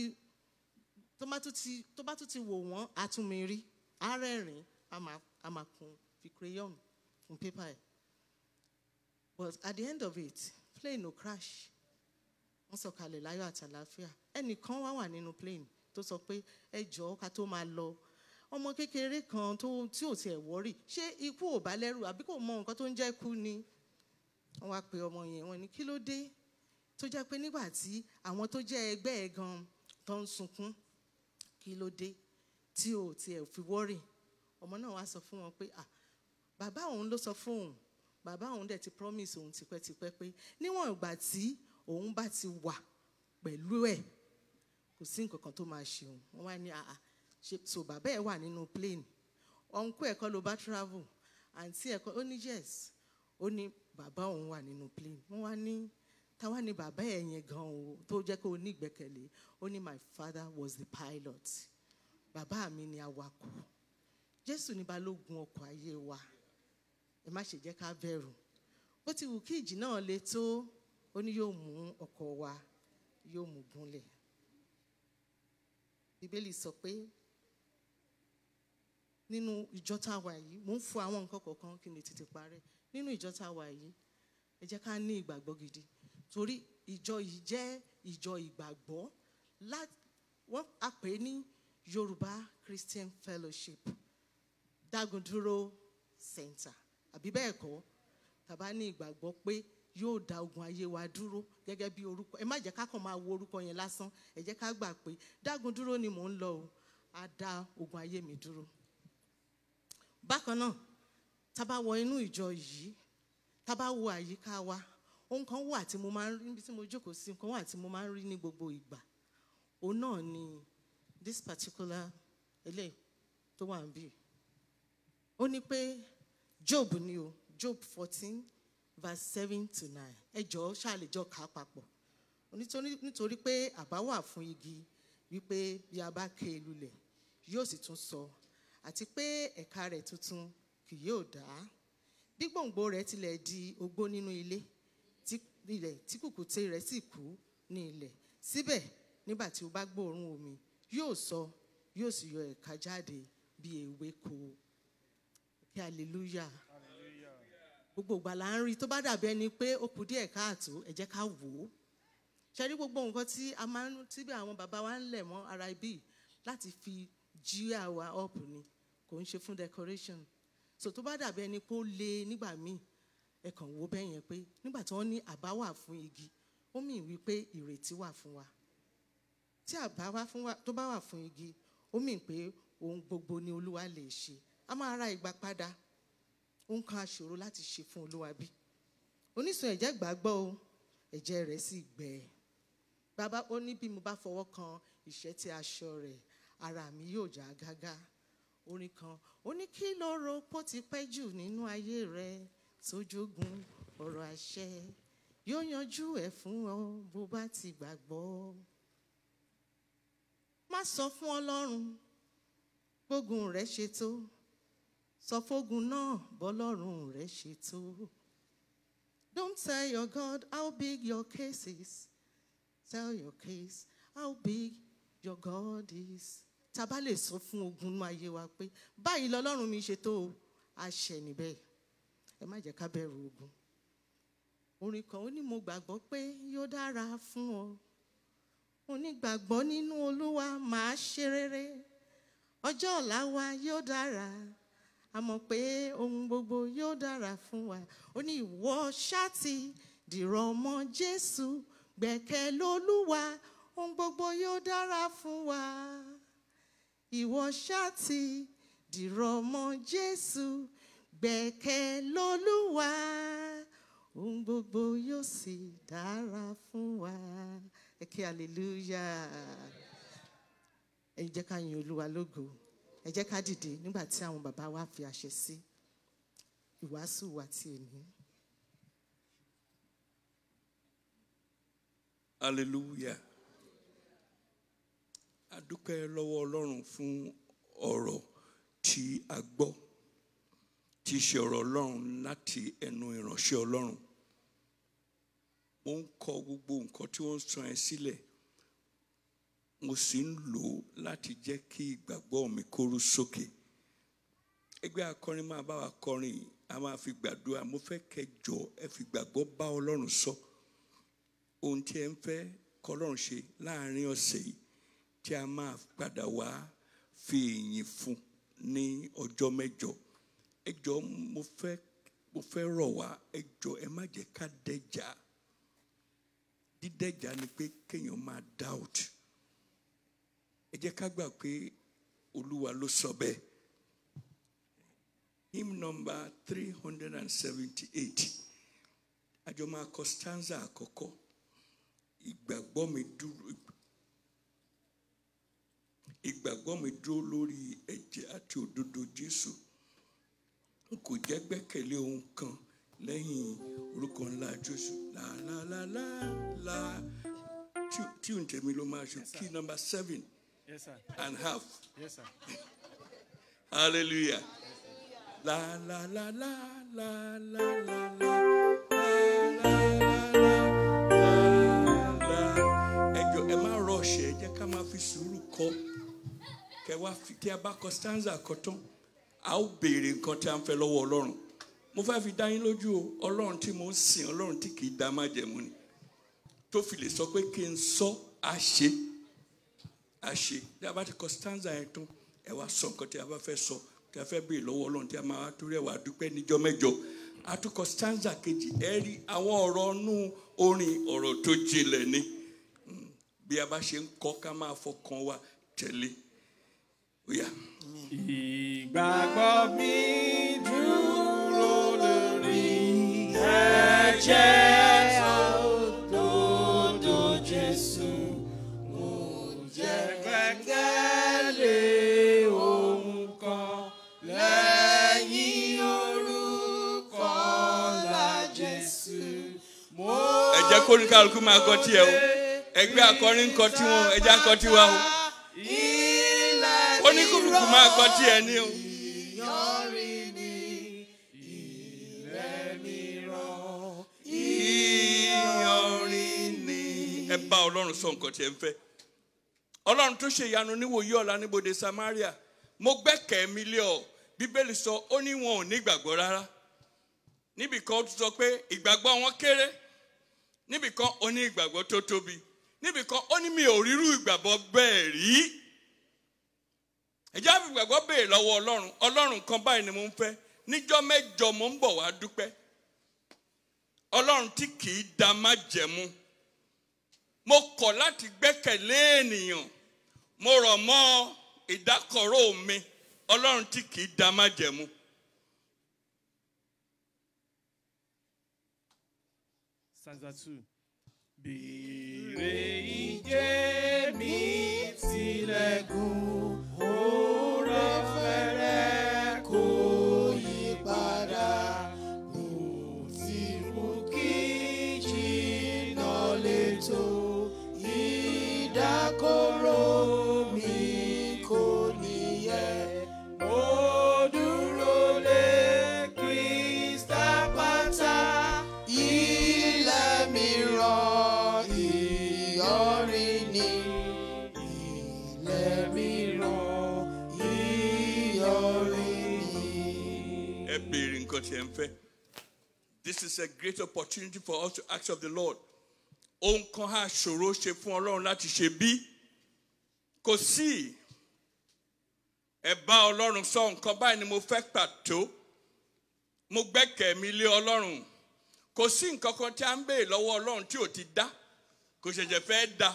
tó bá tún ti tó bá wò wọ́n á tún mi rí á rẹ́rìn á máa kún fi crayon kún paper. ẹ̀ but at the end of it plane no crash wọ́n sọ̀kalẹ̀ láyọ̀ àtàlàáfíà ẹnìkan wá wà nínú plane tó sọ pé ẹ jọ̀ọ́ ká tó máa lọ ọmọ kékeré kan tó tí ò tiẹ̀ wọ́rì ṣé ikú ò bá lẹ́rù àbí kò mọ nǹkan tó ń jẹ́ kú ni wọ́n wá pe ọmọ yẹn wọ́n ní kí ló dé tó jẹ́ pé nígbà tí àwọn tó jẹ́ ẹgbẹ́ ẹ gan tó ń sunkún kí ló dé tí ò tiẹ̀ fi wọ́rì ọmọ náà wá sọ fún wọn pé ah bàbá òun ló sọ fún òun bàbá òun dẹ̀ ti promise òun tipẹ́tipẹ́ pé níwọ̀n ìgbà tí òun bá ti wà pẹ̀lú ẹ̀ kò sí nǹkan kan tó máa ṣe òun wọ́n wá ní àà ṣe so bàbá ẹ̀ wà nínú plane ọ̀nkú ẹ̀kọ́ ló bá travel àǹtí ẹ̀kọ́ ó ní yes ó ní bàbá òun wà nínú plane wọ́n wá ní táwa ni bàbá ẹ̀ yẹn gan o tó jẹ́ kó ní ìgbẹ́kẹ̀lé ó ní my father was the pilot bàbá mi ni awakọ̀ jésù ní balógun ọkọ̀ ayé wa ẹ má ṣe jẹ́ ká bẹ̀rù ó ti wù kí ìjì náà le tó ó ní yóò mú ọkọ̀ wa yóò mú gúnlẹ̀ bíbélì sọ pé nínú ìjọ tá a wà yìí mò ń fọ àwọn nǹkan kọ̀ọ̀kan kí n lè tètè parẹ́ nínú ìjọ tá a wà yìí ẹ jẹ́ ká ní ìgbàgbọ́ gidi torí ìjọ yìí jẹ́ ìjọ ìgbàgbọ́ wọ́n á pè é ní Yorùbá Christian Fellowship Dágundúró Center àbí bẹ́ẹ̀ kọ́ tàbá ní ìgbàgbọ́ pé yóò da ogun ayé wa dúró gẹ́gẹ́ bí orúkọ ẹ má jẹ́ ká kàn máa wo orúkọ yẹn lásán ẹ jẹ́ ká gbà pé dágun dúró ni mò ń lọ o á dá ogun ayé mi dúró. bákan náà tá a bá wọ inú ìjọ yìí tá a bá wo àyíká wa ohun kan wà tí mo máa ń rí níbi tí mo jókòó sí ohun kan wà tí mo máa ń rí ní gbogbo ìgbà òun náà ni this particular ele tó wà níbí ó ní pé Job ni o Job fourteen verse seven to nine ẹ jọ̀ọ́ ṣàlejò kà á papọ̀ nítorí pé àbá wà fún igi wípé bí a bá ké e lulẹ̀ yóò sì tún sọ àti pé ẹ̀ka rẹ̀ tuntun kì yóò dá bí gbòǹgbò rẹ̀ tilẹ̀ di ogbó nínú ilé ilẹ̀ tí kùkùté rẹ̀ sì kú ní ilẹ̀ síbẹ̀ nígbà tí o bá gbóòórùn omi yóò sọ yóò sì yọ ẹ̀ka jáde bí ewéko hallelujah gbogbo ìgbà là ń rí tó bá dàbí ẹni pé ó kù díẹ̀ káàtó ẹ jẹ́ ká wò ó ṣe rí gbogbo nǹkan tí a máa ń tí àwọn bàbá wa ń lẹ̀ mọ́ ara ibi láti fi jí àwa up ni kò ń ṣe fún decoration so tó bá dàbí ẹni pé ó le nígbà míì ẹ kàn wò bẹ́ẹ̀ yẹn pé nígbà tí wọ́n ní àbá wà fún igi ó mì wípé ìrètí wà fún wa tí àbá wà fún wa tó bá wà fún igi ó mì pé ohun gbogbo ni olúwa lè ṣe a máa ra ìgbà padà ohun kan aṣòro láti ṣe fún olúwa bí onísun ẹ̀jẹ̀ gbàgbọ́ o ẹ̀jẹ̀ rẹ̀ sì gbẹ bàbá ó ní bí mo bá fọwọ́ kan ìṣẹ́ tí aṣọ rẹ̀ ara mi yóò já gágá orin kan ó ní kí ló ro pó ti pẹ́ jù nínú ayé rẹ̀ tójógun ọ̀rọ̀ àṣẹ yóò yanjú ẹ̀ fún ọ bó bá ti gbàgbọ́ má sọ fún ọlọ́run gbógun rẹ̀ ṣe tó sọ náà bọ́lọ́run rẹ̀ ṣe Don't tell your God how big your case is. Tell your case how big your God is. Ta bá lè sọ fún ogun inú ayé wa pé báyìí lọ́lọ́run mi ṣe tó o, a ṣẹ̀ níbẹ̀. Ẹ má jẹ́ ká bẹ̀rù ogun. Orin kan ó ní mo gbàgbọ́ pé yóò dára fún ọ. Onígbàgbọ́ nínú Olúwa màá ṣe rere. Ọjọ́ ọ̀la wa yóò dára a mọ̀ pé ohun gbogbo yóò dára fún wa ó ní ìwọ ṣáàtì dìrọ̀ mọ́ Jésù gbẹ̀kẹ́ lólúwa ohun gbogbo yóò dára fún wa ìwọ ṣáàtì dìrọ̀ mọ́ Jésù gbẹ̀kẹ́ lólúwa ohun gbogbo yóò sì dára fún wa ẹ kí hallelujah ẹ jẹ́ ká yin Olúwa lógo ẹ jẹ́ ká dìde nígbà tí àwọn bàbá wa fi àṣẹ sí ìwàásù wa ti èmi.
hallelujah adúpẹ́ lọ́wọ́ ọlọ́run fún ọ̀rọ̀ tí a gbọ́ tí í ṣe ọ̀rọ̀ ọlọ́run láti ẹnu ìránṣẹ́ ọlọ́run mo ń kọ gbogbo nǹkan tí wọ́n ń sọ ẹ sílẹ̀ mo sì ń lò ó láti jẹ́ kí ìgbàgbọ́ mi kóru sókè ẹgbẹ́ akọrin máa bá wa kọrin a máa fi gbàdúrà mo fẹ́ kẹjọ ẹ fi gbàgbọ́ bá ọlọ́run sọ ohun tí ẹ ń fẹ́ kọlọ́run ṣe láàrin ọ̀sẹ̀ yìí tí a máa padà wá fi ìyìn fún ní ọjọ́ mẹ́jọ ẹ mo fẹ́ mo fẹ́ rọ̀ wá ẹ ẹ má jẹ́ ká dẹjà dídẹjà ni pé kéèyàn máa doubt ẹ jẹ́ ká gbà pé olúwa ló sọ bẹ́ẹ̀ hymn number three hundred and seventy-eight àjọ máa kọ stanza àkọ́kọ́ ìgbàgbọ́ mi dúró ìgbàgbọ́ mi dúró lórí ẹ̀jẹ̀ àti òdodo Jésù n kò jẹ́ gbẹ́kẹ̀lé ohun kan lẹ́yìn orúkọ ńlá Jésù làálàálàá tí ò ń tẹ̀mí ló máa ṣe kí nọ́mbà seven. Yes, sir. And half. Yes, sir. Hallelujah. La la la la la la la la. Ẹjọ ẹ má rọ̀ṣẹ̀ ẹ jẹ́ ká máa tí a bá kọ stanza kan tán, a ó béèrè nǹkan tí a ń fẹ́ lọ́wọ́ Ọlọ́run. Mo fẹ́ fi dá yín lójú o, Ọlọ́run tí mo ń sìn, Ọlọ́run tí kì í dá májẹ̀mú ni. Tó fi lè sọ pé kí n sọ àṣẹ a ṣe tí a bá ti kọ stanza yẹn tán ẹ wá sọ nǹkan tí a bá fẹ́ sọ tí a fẹ́ béèrè lọ́wọ́ ọlọ́run tí a máa torí ẹ̀ wá dúpẹ́ níjọ́ mẹ́jọ àtúkọ stanza kejì ẹ rí àwọn ọ̀rọ̀ nú orin ọ̀rọ̀ tó jinlẹ̀ ni hmm, bí a bá ṣe ń kọ ká máa fọkàn wa tẹ̀lé oya. ìgbàgbọ́ mi
dúró lórí ẹ̀jẹ̀.
kó ní kálukú máa kọ tiẹ̀ o ẹgbẹ́ akọrin ń kọ tiwọn ẹja ń kọ tiwa o ó ní kúlùkù máa kọ tiẹ̀ ní o. ẹ bá ọlọ́run sọ nǹkan tí ẹ ń fẹ́ ọlọ́run tó ṣe ìyanu níwòye ọ̀la níbodè Samaria mo gbẹ́kẹ̀ mi lé ọ bíbélì sọ ó ní wọn ò ní ìgbàgbọ́ rárá níbìkan ó tún sọ pé ìgbàgbọ́ wọn kéré níbì kan ó ní ìgbàgbọ́ tó tóbi níbì kan ó ní mi ò rírú ìgbàgbọ́ bẹ́ẹ̀ rí ẹ̀jẹ̀ àfi ìgbàgbọ́ béèrè lọ́wọ́ ọlọ́run ọlọ́run kan báyìí ni mo ń fẹ́ níjọ́ mẹ́jọ mo ń bọ̀ wá dúpẹ́ ọlọ́run tí kì í da májẹ̀mú mo kọ̀ láti gbẹ́kẹ̀lé ènìyàn mo rọ̀ mọ́ ìdákọ̀ró mi ọlọ́run tí kì í da májẹ̀mú.
Stanza 2. Bire ije mi
tilekun. Oh.
this is a great opportunity for us to ask of the Lord ohun kan á ṣòro ṣe fún Ọlọ́run láti ṣe bí kò sí ẹ Ọlọ́run sọ nǹkan báyìí ni mo fẹ́ pàtó mo gbẹ́kẹ̀ mi lé Ọlọ́run kò sí nǹkan kan tí a ń béè lọ́wọ́ Ọlọ́run tí ò ti dá kò ṣẹ̀ṣẹ̀ fẹ́ dá.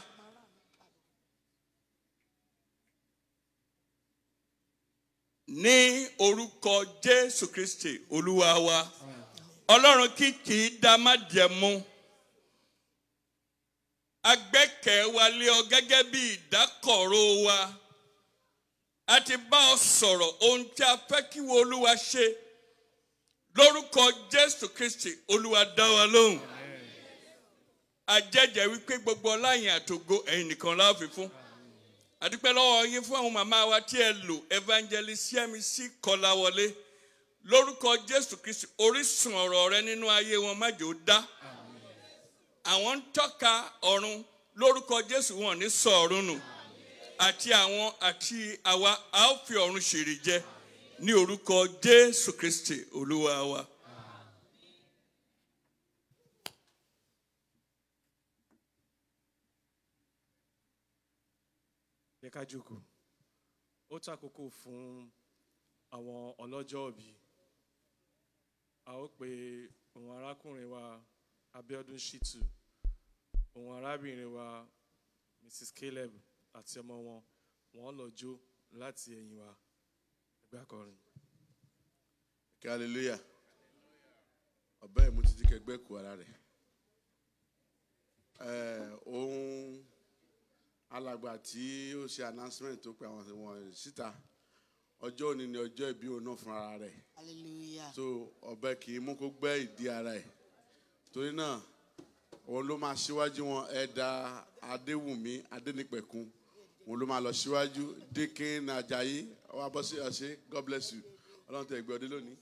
ní orúkọ Jésù Kristi Olúwa wa. Amen ọlọ́run kì kì í dá májẹ̀mú agbẹ́kẹ̀ wa lé ọ gẹ́gẹ́ bí ìdákọ̀ró wa a ti bá ọ sọ̀rọ̀ ohun tí a fẹ́ kí wo olúwa ṣe lórúkọ jésù kristi olúwa dá wa lóhùn àjẹjẹ wípé gbogbo ọláyìn àtògo ẹ̀yin nìkan láàfin fún àdúpẹ́ lọ́wọ́ yín fún àwọn màmá wa tí ẹ lò evangelist yẹmísí kọláwọlé. Si lórúkọ jésù kristi orísun ọ̀rọ̀ rẹ nínú ayé wọn má jò dá àwọn ń tọ́ka ọ̀run lórúkọ jésù wọn ní sọ ọ̀run nù àti àwọn àti àwa a ó fi ọ̀run ṣèrè jẹ ní orúkọ jésù kristi olúwa wa.
yẹ ká jókòó ó tàkókò fún àwọn ọlọ́jọ́ bíi a ó pe òun arákùnrin wa Abíọ́dún Shitu òun arábìnrin wa Mrs Caleb àti ọmọ wọn wọ́n lọ jó láti ẹ̀yìn wa ẹgbẹ́ akọrin.
kí hallelujah ọbẹ yìí mo ti di kẹgbẹ ku ara rẹ ohun alàgbà tí ó ṣe announcement tó pe àwọn ìwọ̀n síta ọjọ́ òní ni ọjọ́ ìbí òun náà fúnra rẹ̀ so ọ̀bẹ kì í mú kó gbẹ́ ìdí ara ẹ̀ torí náà òun ló máa ṣíwájú wọn ẹ̀dà adéwùmí adénípẹ̀kun òun ló máa lọ síwájú dékin ajayi ọwọ́ abọ́sí ọ̀ṣẹ́ god bless you ọlọ́run tẹ̀ gbé ọdẹ lónìí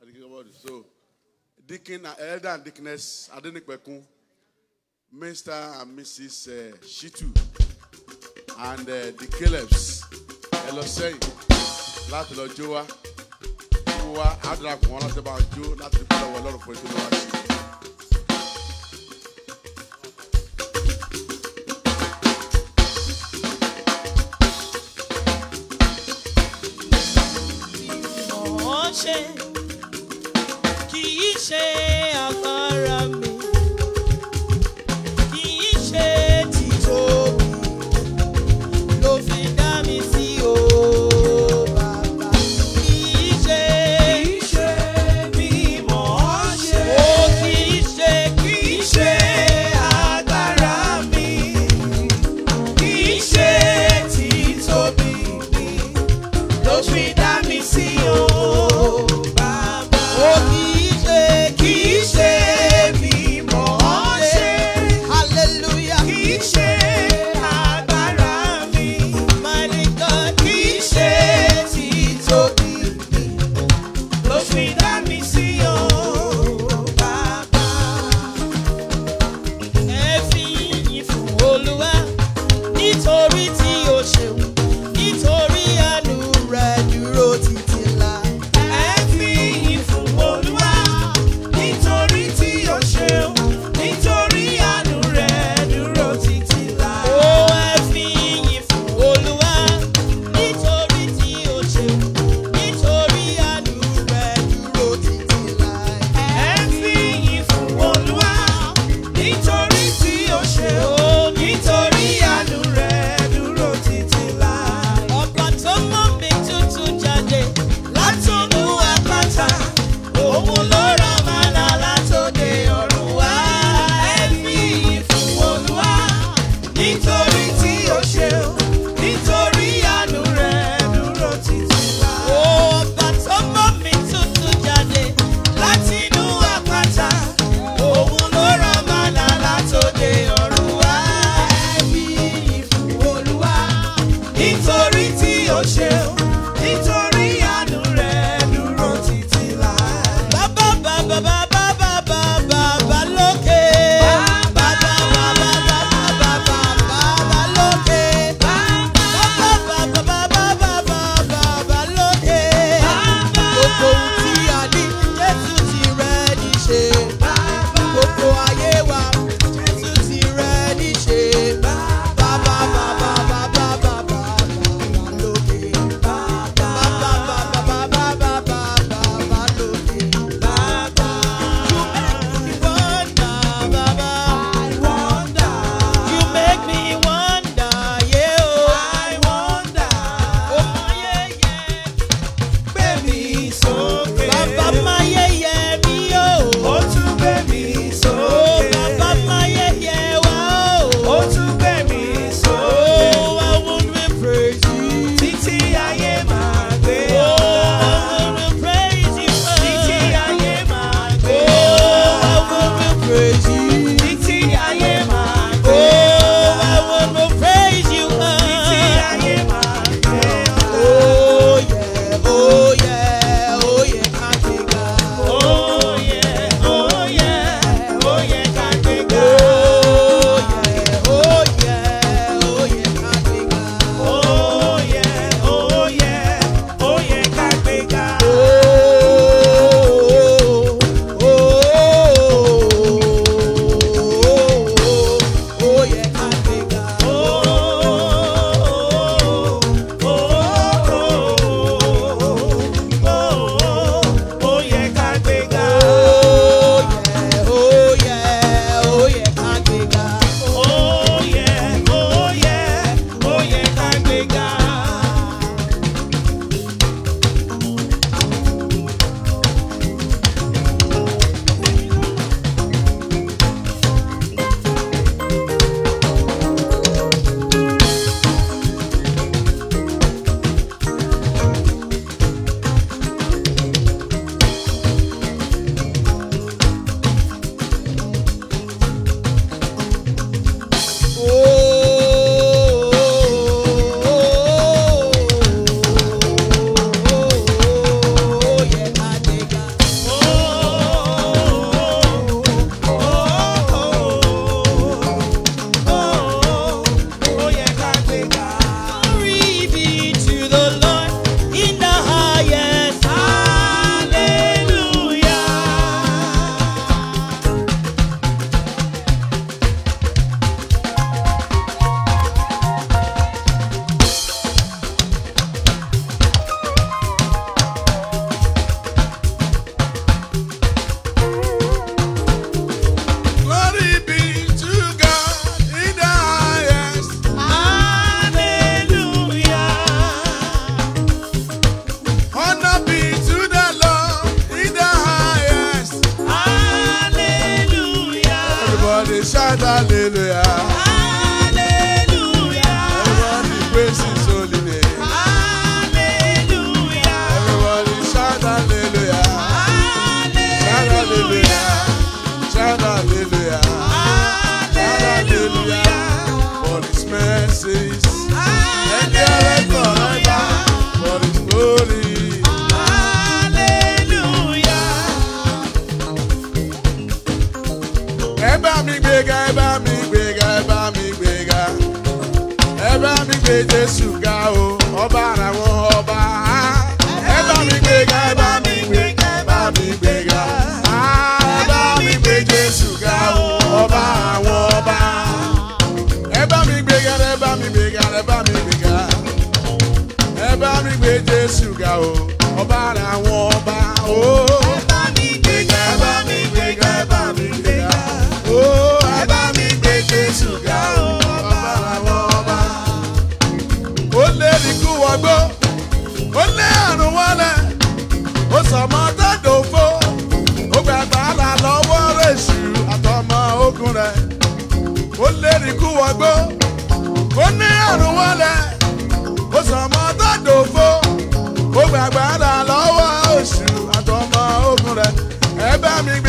adékin ọbọ̀dù so deacon elder and deaconess Adenipekun, Mr. and Mrs. Uh, eh, Shitu, and uh, the Calebs. Hello, say láti lọ jó wa jó wa àdúrà kò wọ́n láti bá jó láti fi lọ́wọ́ ọlọ́run fún ètò ìlú wa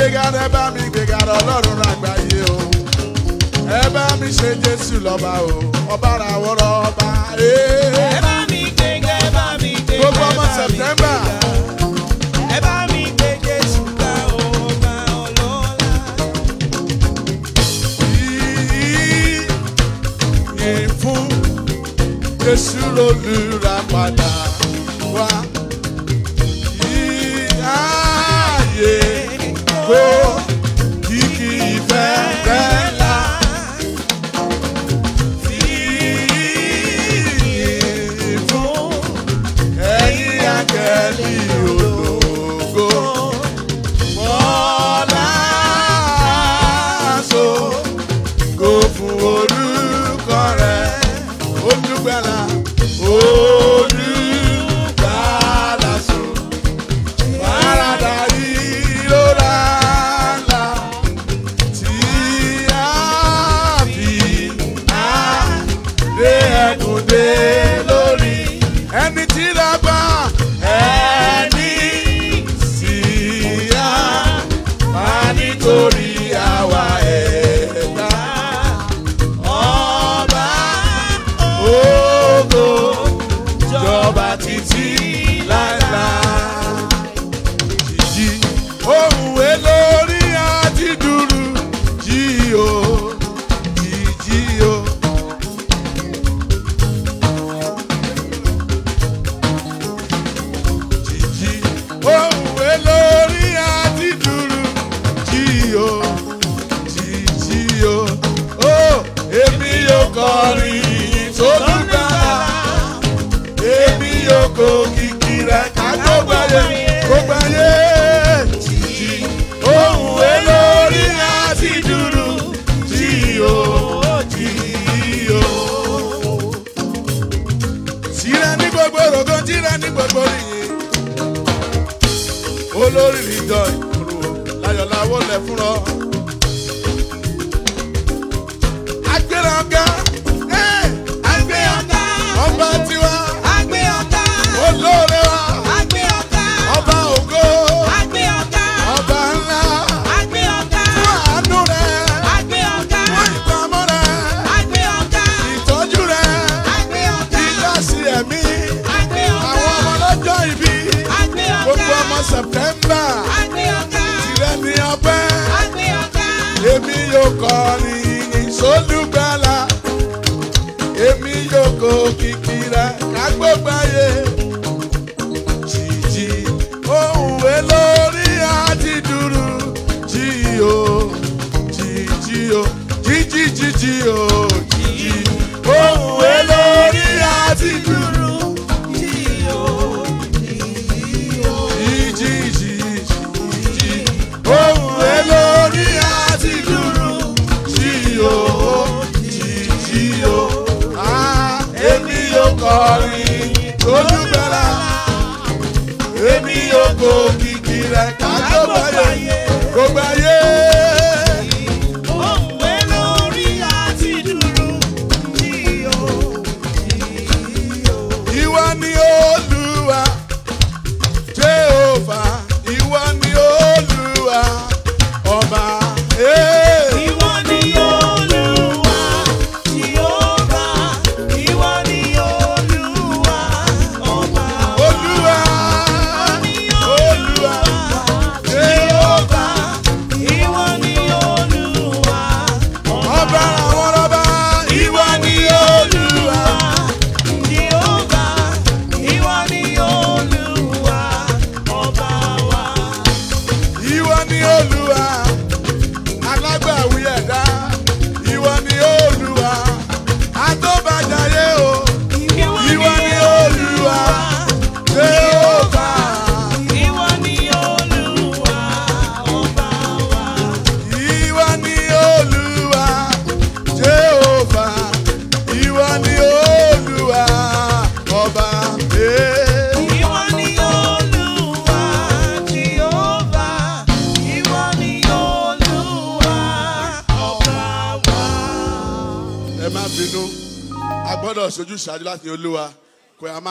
gbéga ẹ bá mi gbéga ọlọ́run lágbàáyé o ẹ bá mi ṣe jésù lọ́ba o ọba ara wọ́rọ́ ọba. ẹ bá mi gbéga ẹ bá mi gbéga gbogbo ọmọ sẹpítẹ́mbà. ẹ bá mi gbé jésù ká o ọba ọlọ́lá. yìí fún jésù
lólùrà padà wá.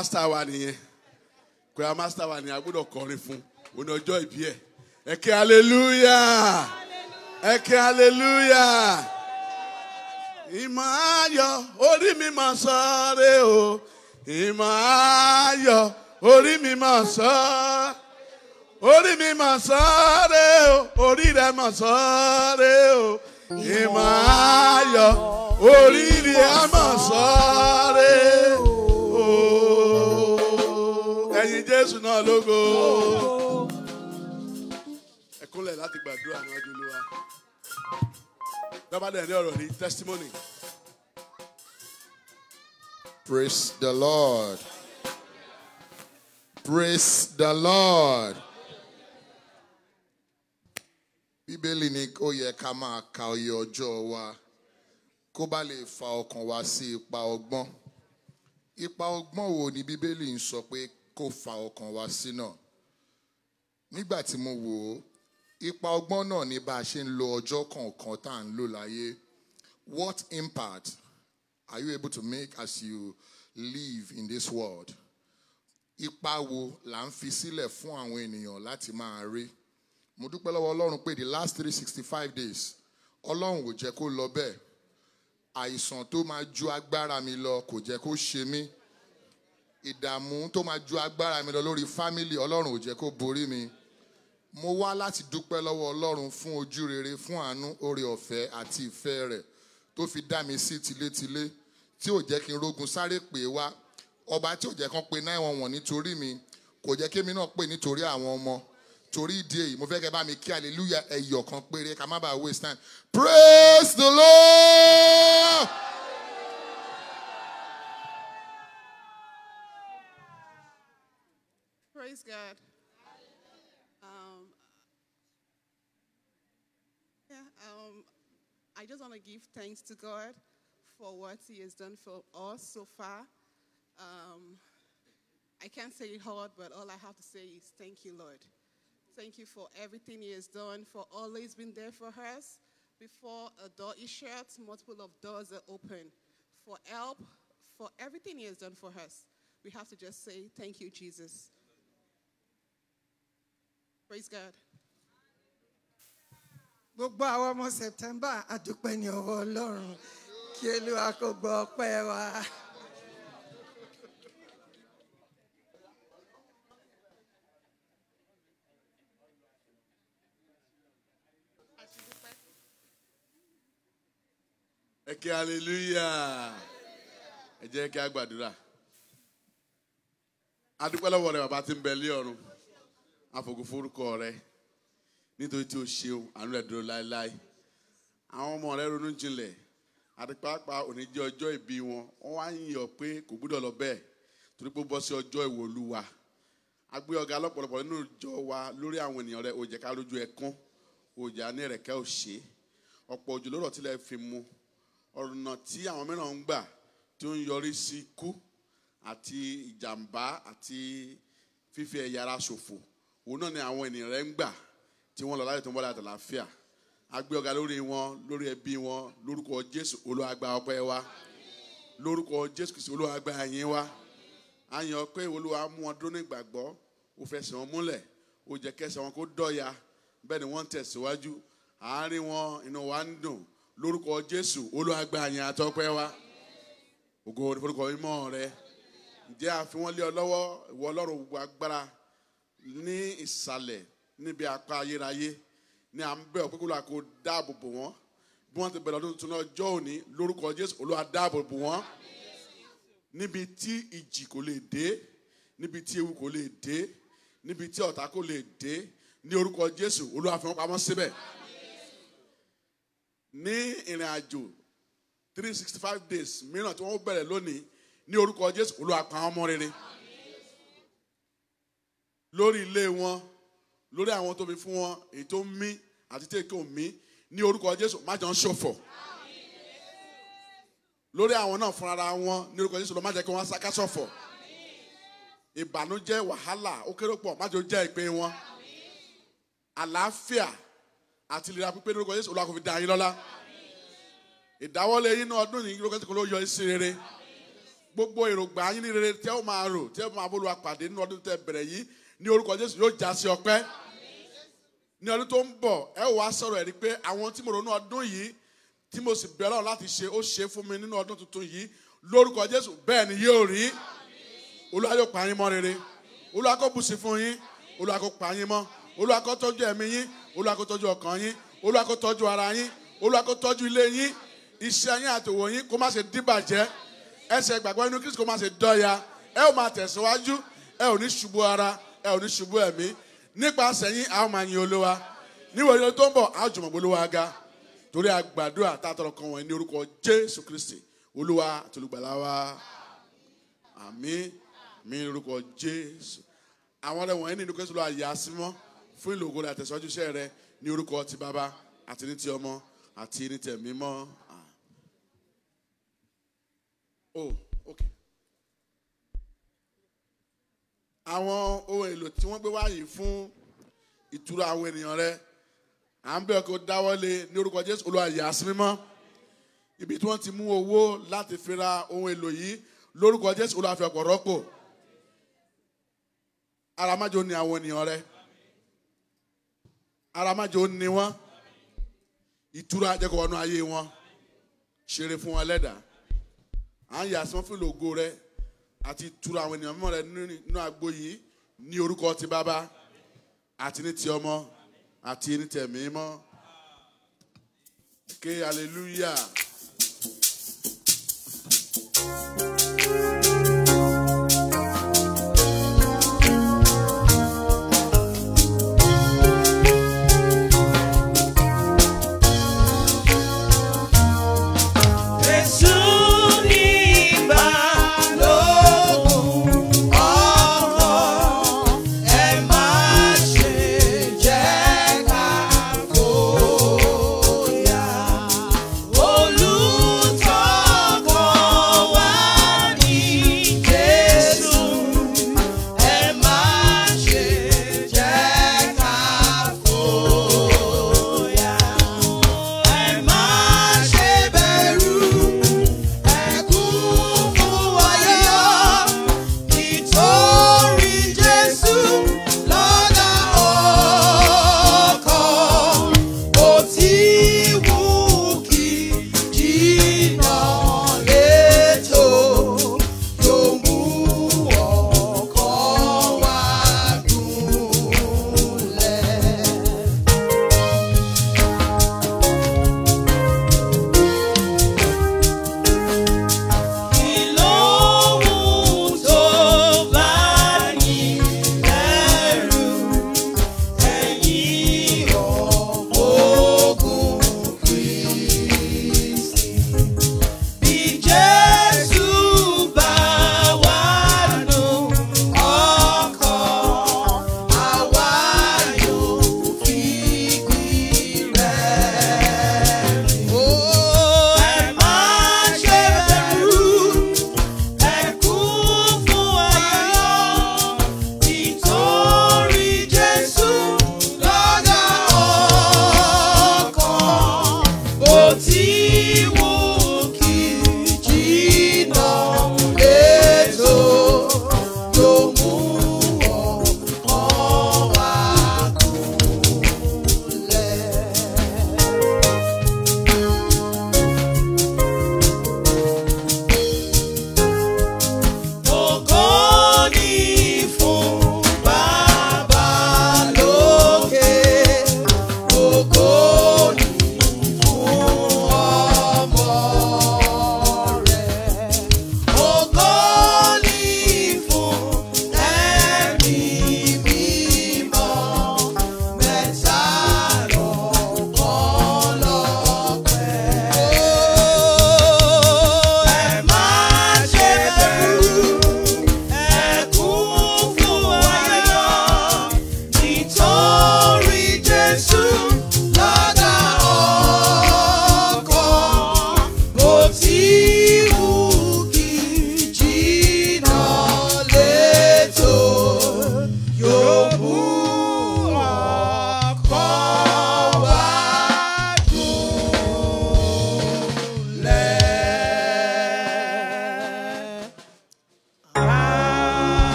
master wa nìyẹn choir master wa nìyẹn a gbọ́dọ̀ kọrin fún òun ní ọjọ́ ìbí ẹ̀ ẹ kí hallelujah ẹ hallelujah ìmọ̀ ayọ̀ orí mi máa sọ́ọ́rẹ́ o ìmọ̀ ayọ̀ orí mi máa sọ́ọ́rẹ́ orí mi máa sọ́ọ́rẹ́ o orí rẹ máa sọ́ọ́rẹ́ o ìmọ̀ ayọ̀ orí rẹ máa sọ́ọ́rẹ́ o. Jésù náà lógo. Ẹ kúnlẹ̀ láti gbàdúrà Olúwa. dẹ̀ ọ̀rọ̀ ní testimony.
Praise the Lord. Praise the Lord. Bíbélì ni ó yẹ ká máa ka oyè ọjọ́ wa kó bá lè fa ọkàn wa sí ipa ọgbọ́n. Ipa ọgbọ́n wo ni Bíbélì ń sọ pé kó fa ọkàn wa sí náà nígbà tí mo wò ó ipa ọgbọ́n náà ní bá a ṣe ń lo ọjọ́ kọ̀ọ̀kan tá à ń lò láyé what impact are you able to make as you live in this world ipa wo là ń fi sílẹ̀ fún àwọn ènìyàn láti máa rí mo dúpẹ́ lọ́wọ́ ọlọ́run pé the last three sixty five days ọlọ́run kò jẹ́ kó lọ bẹ́ẹ̀ àìsàn tó máa ju agbára mi lọ kò jẹ́ kó ṣe mí ìdààmú tó máa ju agbára mi lọ lórí fámìlì ọlọ́run ò jẹ́ kó borí mi mo wá láti dúpẹ́ lọ́wọ́ ọlọ́run fún ojú rere fún àánú oore ọ̀fẹ́ àti ìfẹ́ rẹ̀ tó fi dá mi sí tilétilé tí ò jẹ́ kí n rógun sáré pè wá ọba tí ò jẹ́ kán pe náà wọ̀n nítorí mi kò jẹ́ kémi náà pè nítorí àwọn ọmọ torí ìdí èyí mo fẹ́ kẹ́ bá mi kí aleluya ẹyọ kan péré ká má bàa waste time praise the lord.
Praise God. Um, yeah, um, I just want to give thanks to God for what He has done for us so far. Um, I can't say it hard, but all I have to say is thank you, Lord. Thank you for everything He has done, for always being there for us. Before a door is shut, multiple of doors are open. For help, for everything He has done for us, we have to just say thank you, Jesus. Praise God.
Gbogbo àwọn ọmọ September àdúpẹ́ ní ọwọ́ Ọlọ́run kí Olúwa kó gbọ́ ọpẹ́ wa.
Ẹ kí hallelujah. Ẹ jẹ́ kí a gbàdúrà. Adúpẹ́ lọ́wọ́ rẹ̀ bàbá tí ń bẹ lé ọ̀run àfògùn forúkọ rẹ nítorí tí o ṣeun àánú rẹ dúró láéláé àwọn ọmọ rẹ ronú jinlẹ̀ àti pàápàá òní jẹ́ ọjọ́ ìbí wọn wọ́n wá ń yọ̀ pé kò gbúdọ̀ lọ bẹ́ẹ̀ torí pé ó bọ́ sí ọjọ́ ìwò Olúwa a gbé ọ̀gá lọ́pọ̀lọpọ̀ nínú ìjọ wa lórí àwọn ènìyàn rẹ òjẹ́ ká lójú ẹkún òjà ní ẹ̀rẹ̀kẹ́ òṣè ọ̀pọ̀ òjò lórọ̀ tilẹ̀ fi mu ọ̀nà tí àwọn mìíràn ń gbà tí ó ń yọrí sí ikú àti ìjàmbá àti fífi ẹ̀yà ara ṣòfò òun náà ni àwọn ènìyàn rẹ̀ ń gbà tí wọ́n lọ láyọ̀ tó ń bọ̀ láti àlàáfíà a gbé ọ̀gá lórí wọn lórí ẹbí wọn lórúkọ Jésù Olúwa gba ọpẹ́ wa lórúkọ Jésù Kristi Olúwa gba ìyìn wa a yìn ọ́ pé Olúwa mú wọn dúró ní ìgbàgbọ́ ó fẹsẹ̀ wọn múlẹ̀ ó jẹ́ kẹsẹ̀ wọn kó dọ̀yà bẹ́ẹ̀ ni wọ́n tẹ̀síwájú àárín wọn inú wa ń dùn lórúkọ Jésù Olúwa gba ìyìn wa ògo ní forúkọ rẹ ǹjẹ́ àfi lé ọ lọ́wọ́ ìwọ Ọlọ́run gbogbo agbára ní ìsàlẹ̀ níbi apá ayérayé ni à ń bẹ̀ ọ́ pé kó lóra kó dáàbò bò wọ́n bí wọ́n ti bẹ̀rẹ̀ ọdún tuntun ọjọ́ òní lórúkọ Jésù Olúwa dáàbò bò wọ́n níbi tí ìjì kò lè dé níbi tí ewu kò lè dé níbi tí ọ̀tá kò lè dé ní orúkọ Jésù Olúwa fi wọ́n pamọ́ síbẹ̀ ní ìrìn àjò three sixty five days mìíràn tí wọ́n bẹ̀rẹ̀ lónìí ní orúkọ Jésù Olúwa pa wọ́n mọ́ rere. Amen lórí ilé wọn lórí àwọn tó fi fún wọn èyí tó ń mí àti tí èkó mí ní orúkọ Jésù má jẹ́ ń ṣòfò lórí àwọn náà fúnra wọn ní orúkọ Jésù lọ má jẹ́ kí wọ́n sáká ṣòfò ìbànújẹ́ wàhálà ó kéré pọ̀ má jẹ́ ó jẹ́ ìpín wọn àlàáfíà àti ìlera pípé ní orúkọ Jésù olúwa kò fi dá yín lọ́lá ìdáwọ́lé yín ní ọdún yìí ní orúkọ Jésù kò ló yọ sí rere gbogbo èròǹgbà yín ní rere tẹ́ ó máa rò tẹ́ ó máa bó lu apàdé nínú ọdún tẹ́ bẹ̀rẹ̀ yìí ní orúkọ jésù yóò já sí ọpẹ́ ní ọdún tó ń bọ̀ ẹ wàá sọ̀rọ̀ ẹ̀ rí pé àwọn tí mo ronú ọdún yìí tí mo sì bẹ̀rẹ̀ ọ̀ láti ṣe ó ṣe fún mi nínú ọdún tuntun yìí lórúkọ jésù bẹ́ẹ̀ ni yóò rí olúwa yóò pa yín mọ́ rere olúwa kó bùsí fún yín olúwa kó pa yín mọ́ olúwa yín olúwa kó ọkàn yín olúwa kó ara yín olúwa kó ilé yín iṣẹ́ yín àtòwò yín kó má ṣe dìbàjẹ́ ẹsẹ̀ ìgbàgbọ́ inú kristu kó má ṣe dọ́ya ẹ ò máa tẹ̀síwájú ẹ ò ní ṣubú ara ẹ ò ní ṣubú ẹ̀mí nípasẹ̀ yín a máa yin olúwa níwọ̀nyí tó ń bọ̀ a jùmọ̀ olúwa ga torí àgbàdua tààtọ̀rọ̀ kan wọ̀nyí ní orúkọ jésù kristi olúwa tolùgbàlà wa àmín mi ní orúkọ jésù àwọn ọ̀rẹ́ wọ̀nyí ní orúkọ jésù lọ àyè àsímọ́ fún ìlògo rẹ̀ àtẹ̀síwájú iṣẹ́ rẹ̀ ní orúkọ ti bàbá àti ní ti ọmọ àti ní tẹ̀mí mọ́. Ah. Oh, okay àwọn ohun èlò tí wọ́n gbé wáyé fún ìtura àwọn ènìyàn rẹ à ń bẹ̀ kó dáwọ́lé ní orúkọ Jésù Olúwa yà sí mímọ́ ibi tí wọ́n ti mú owó láti fi ra ohun èlò yìí lórúkọ Jésù Olúwa fi ọ̀pọ̀ rọ́pò ara májò ní àwọn ènìyàn rẹ ara májò wọn ìtura jẹ́ kó wọnú ayé wọn ṣeré fún wọn lẹ́dàá à ń yà wọn fún ìlògo rẹ àti turu àwọn ènìyàn mímọ́ rẹ nínú agbo yìí ní orúkọ ti bàbá àti ní ti ọmọ àti ní tẹ̀mí mọ́ ké hallelujah.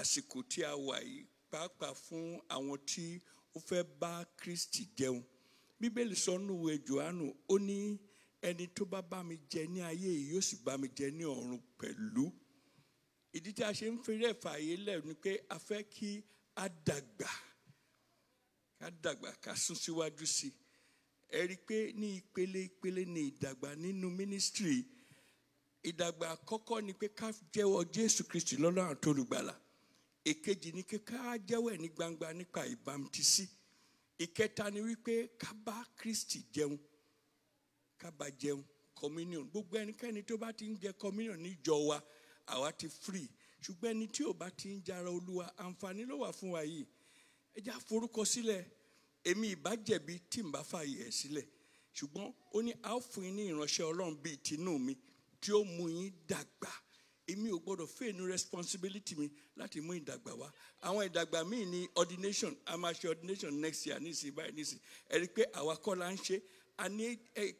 àsìkò tí a wà yìí pàápàá fún àwọn tí ó fẹ́ bá Kristi jẹun bíbélì sọ núwe Jòhánù ó ní ẹni tó bá bá mi jẹ ní ayé yìí yóò sì bá mi jẹ ní ọ̀run pẹ̀lú ìdí tí a ṣe ń fẹ́rẹ̀ fààyè lẹ̀ ni pé a fẹ́ kí a dàgbà ká dàgbà ká sún síwájú sí ẹ rí i pé ní ìpele ìpele ni ìdàgbà nínú mínísítírì ìdàgbà àkọ́kọ́ ni pé ká jẹ́wọ́ Jésù Kristi lọ́lọ́run tó èkejì ni pé ká jẹ́wọ́ ní gbangba nípa ìbámutísí ìkẹta ni wípé ká bá Kristi jẹun ká bá jẹun communion gbogbo ẹnikẹ́ni tó bá ti ń jẹ communion níjọ wa àwa ti free ṣùgbọ́n ẹni tí ò bá ti ń jara olúwa àǹfààní ló wà fún wa yìí ẹ já forúkọ sílẹ̀ èmi ìbá tí n bá fààyè ẹ̀ sílẹ̀ ṣùgbọ́n ó ní a ní ìránṣẹ́ ọlọ́run bíi tinú mi tí ó mú yín dàgbà èmi ò gbọdọ̀ fẹ́ẹ̀nù responsibility mi láti mú ìdàgbà wá àwọn ìdàgbà míì ní ordination a máa ṣe ordination next year nísìnyí báyìí nísìnyí ẹ rí i pé àwa kọ́ la ń ṣe a ní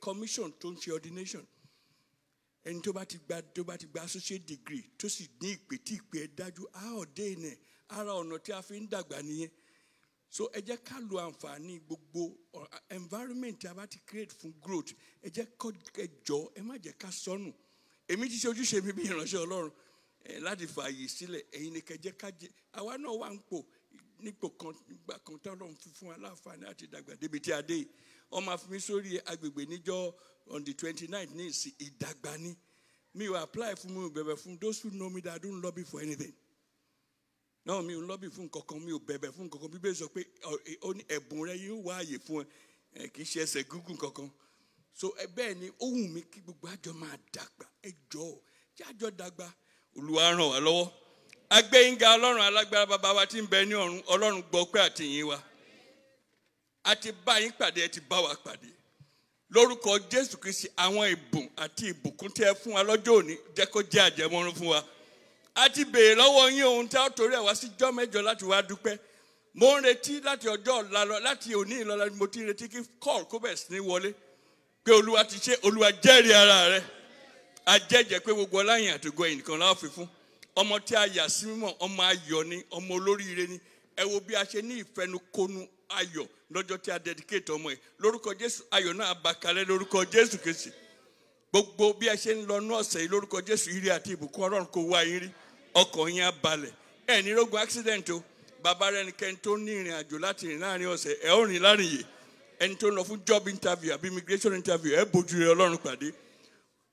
commission tó ń ṣe ordination ẹni tó bá ti gba tó bá ti gba associate degree tó sì ní ìpè tí ìpè ẹ dájú a ò dé ìnẹ ara ọ̀nà tí a fi ń dàgbà nìyẹn so ẹ jẹ́ ká lo àǹfààní gbogbo uh, environment tí a bá ti create fún growth ẹ jẹ́ kọ́ ẹ jọ ẹ má jẹ́ ká sọnù. So èmi ti ṣe ojúṣe mi bí ìránṣẹ́ Ọlọ́run láti fààyè sílẹ̀ ẹ̀yin ni kẹjẹ́ kájẹ́ àwa náà wà ń pò nípò kan nígbà kan tí Ọlọ́run fi fún aláǹfààní àti ìdàgbà débi tí a dé ó máa sórí agbègbè níjọ́ on the twenty nine ní ìsìn ìdàgbà ni mi ò apply fún mi ò bẹ̀bẹ̀ fún those who know me that don't lobby for anything náà mi ò lobby fún kankan mi ò bẹ̀bẹ̀ fún kankan bíbélì sọ pé e, ẹ̀bùn rẹ yóò wá àyè fún ẹ kì í ṣe ẹsẹ̀ gígùn kankan so ẹ bẹ́ẹ̀ ni ó wù mí kí gbogbo àjọ máa dàgbà ẹ jọ ọ kí àjọ dàgbà Olúwa ràn wá lọ́wọ́ agbẹ́yìnga ọlọ́run alágbára bàbá wa ti ń bẹ ní ọ̀run ọlọ́run gbọ́ pé àtìyìn wa a ti bá yín pàdé ẹ ti bá wa pàdé lórúkọ Jésù Kristi àwọn ìbùn àti ìbùkún tẹ́ fún wa lọ́jọ́ òní jẹ́ kó jẹ́ àjẹmọ́rún fún wa a ti béèrè lọ́wọ́ yín ohun tá a torí ẹ̀ sí jọ́ mẹ́jọ láti wá dúpẹ́ mo ń retí láti ọjọ́ ọ̀la lọ láti òní ìlọla mo ti retí kí kọ́ọ̀lù kó ní wọlé pé olúwa ti ṣe olúwa jẹ́rìí ara rẹ̀ ajẹ́jẹ́ pé gbogbo ọláyìn àtògo ẹ̀yìn nìkan láwọn ọmọ tí a yà sí ọmọ ayọ̀ ni ọmọ olóríire ni ẹ wo bí a ṣe ní ìfẹnukonu ayọ̀ lọ́jọ́ tí a dedicate ọmọ lórúkọ jésù gbogbo bí a ṣe ń lọ ní ọ̀sẹ̀ ire àti ìbùkún ọlọ́run kò wá yín rí yín á balẹ̀ ẹ ní accident o bàbá tó ní ìrìn ẹni tó lọ fún job interview àbí immigration interview ẹ bójú rẹ ọlọ́run pàdé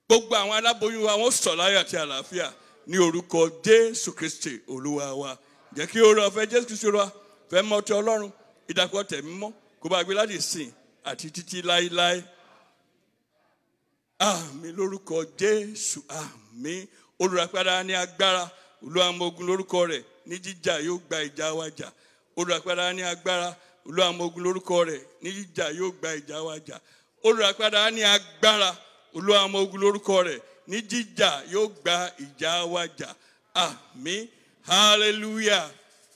gbogbo àwọn aláboyún wa wọ́n sọ̀ láyọ̀ àti àlàáfíà ní orúkọ jésù kristi olúwa wa jẹ́ kí oore ọ̀fẹ́ jésù kristi olúwa fẹ́ mọ́ ọtí ọlọ́run ìdàpọ̀ tẹ̀mí mọ́ kó bá gbé láti sìn àti títí láéláé àmì lórúkọ jésù àmì olùràpadà ní agbára olúwa ọmọ ogun lórúkọ rẹ̀ ní jíjà yóò gba ìjà wa olùràpadà ní agbára olúwa ọmọ ogun lórúkọ rẹ̀ ní ìjà yóò gba ìjà wa jà olùràpadà á ní agbára olúwa ọmọ ogun lórúkọ rẹ̀ ní jíjà yóò gba ìjà wa jà àmín hallelujah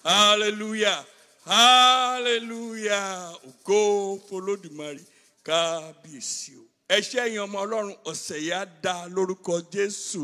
hallelujah hallelujah ògo fọlọ́dùmarè kábíyèsí o ẹ̀ṣẹ̀ yẹn ọmọ ọlọ́run ọ̀sẹ̀ yá dá lórúkọ jésù.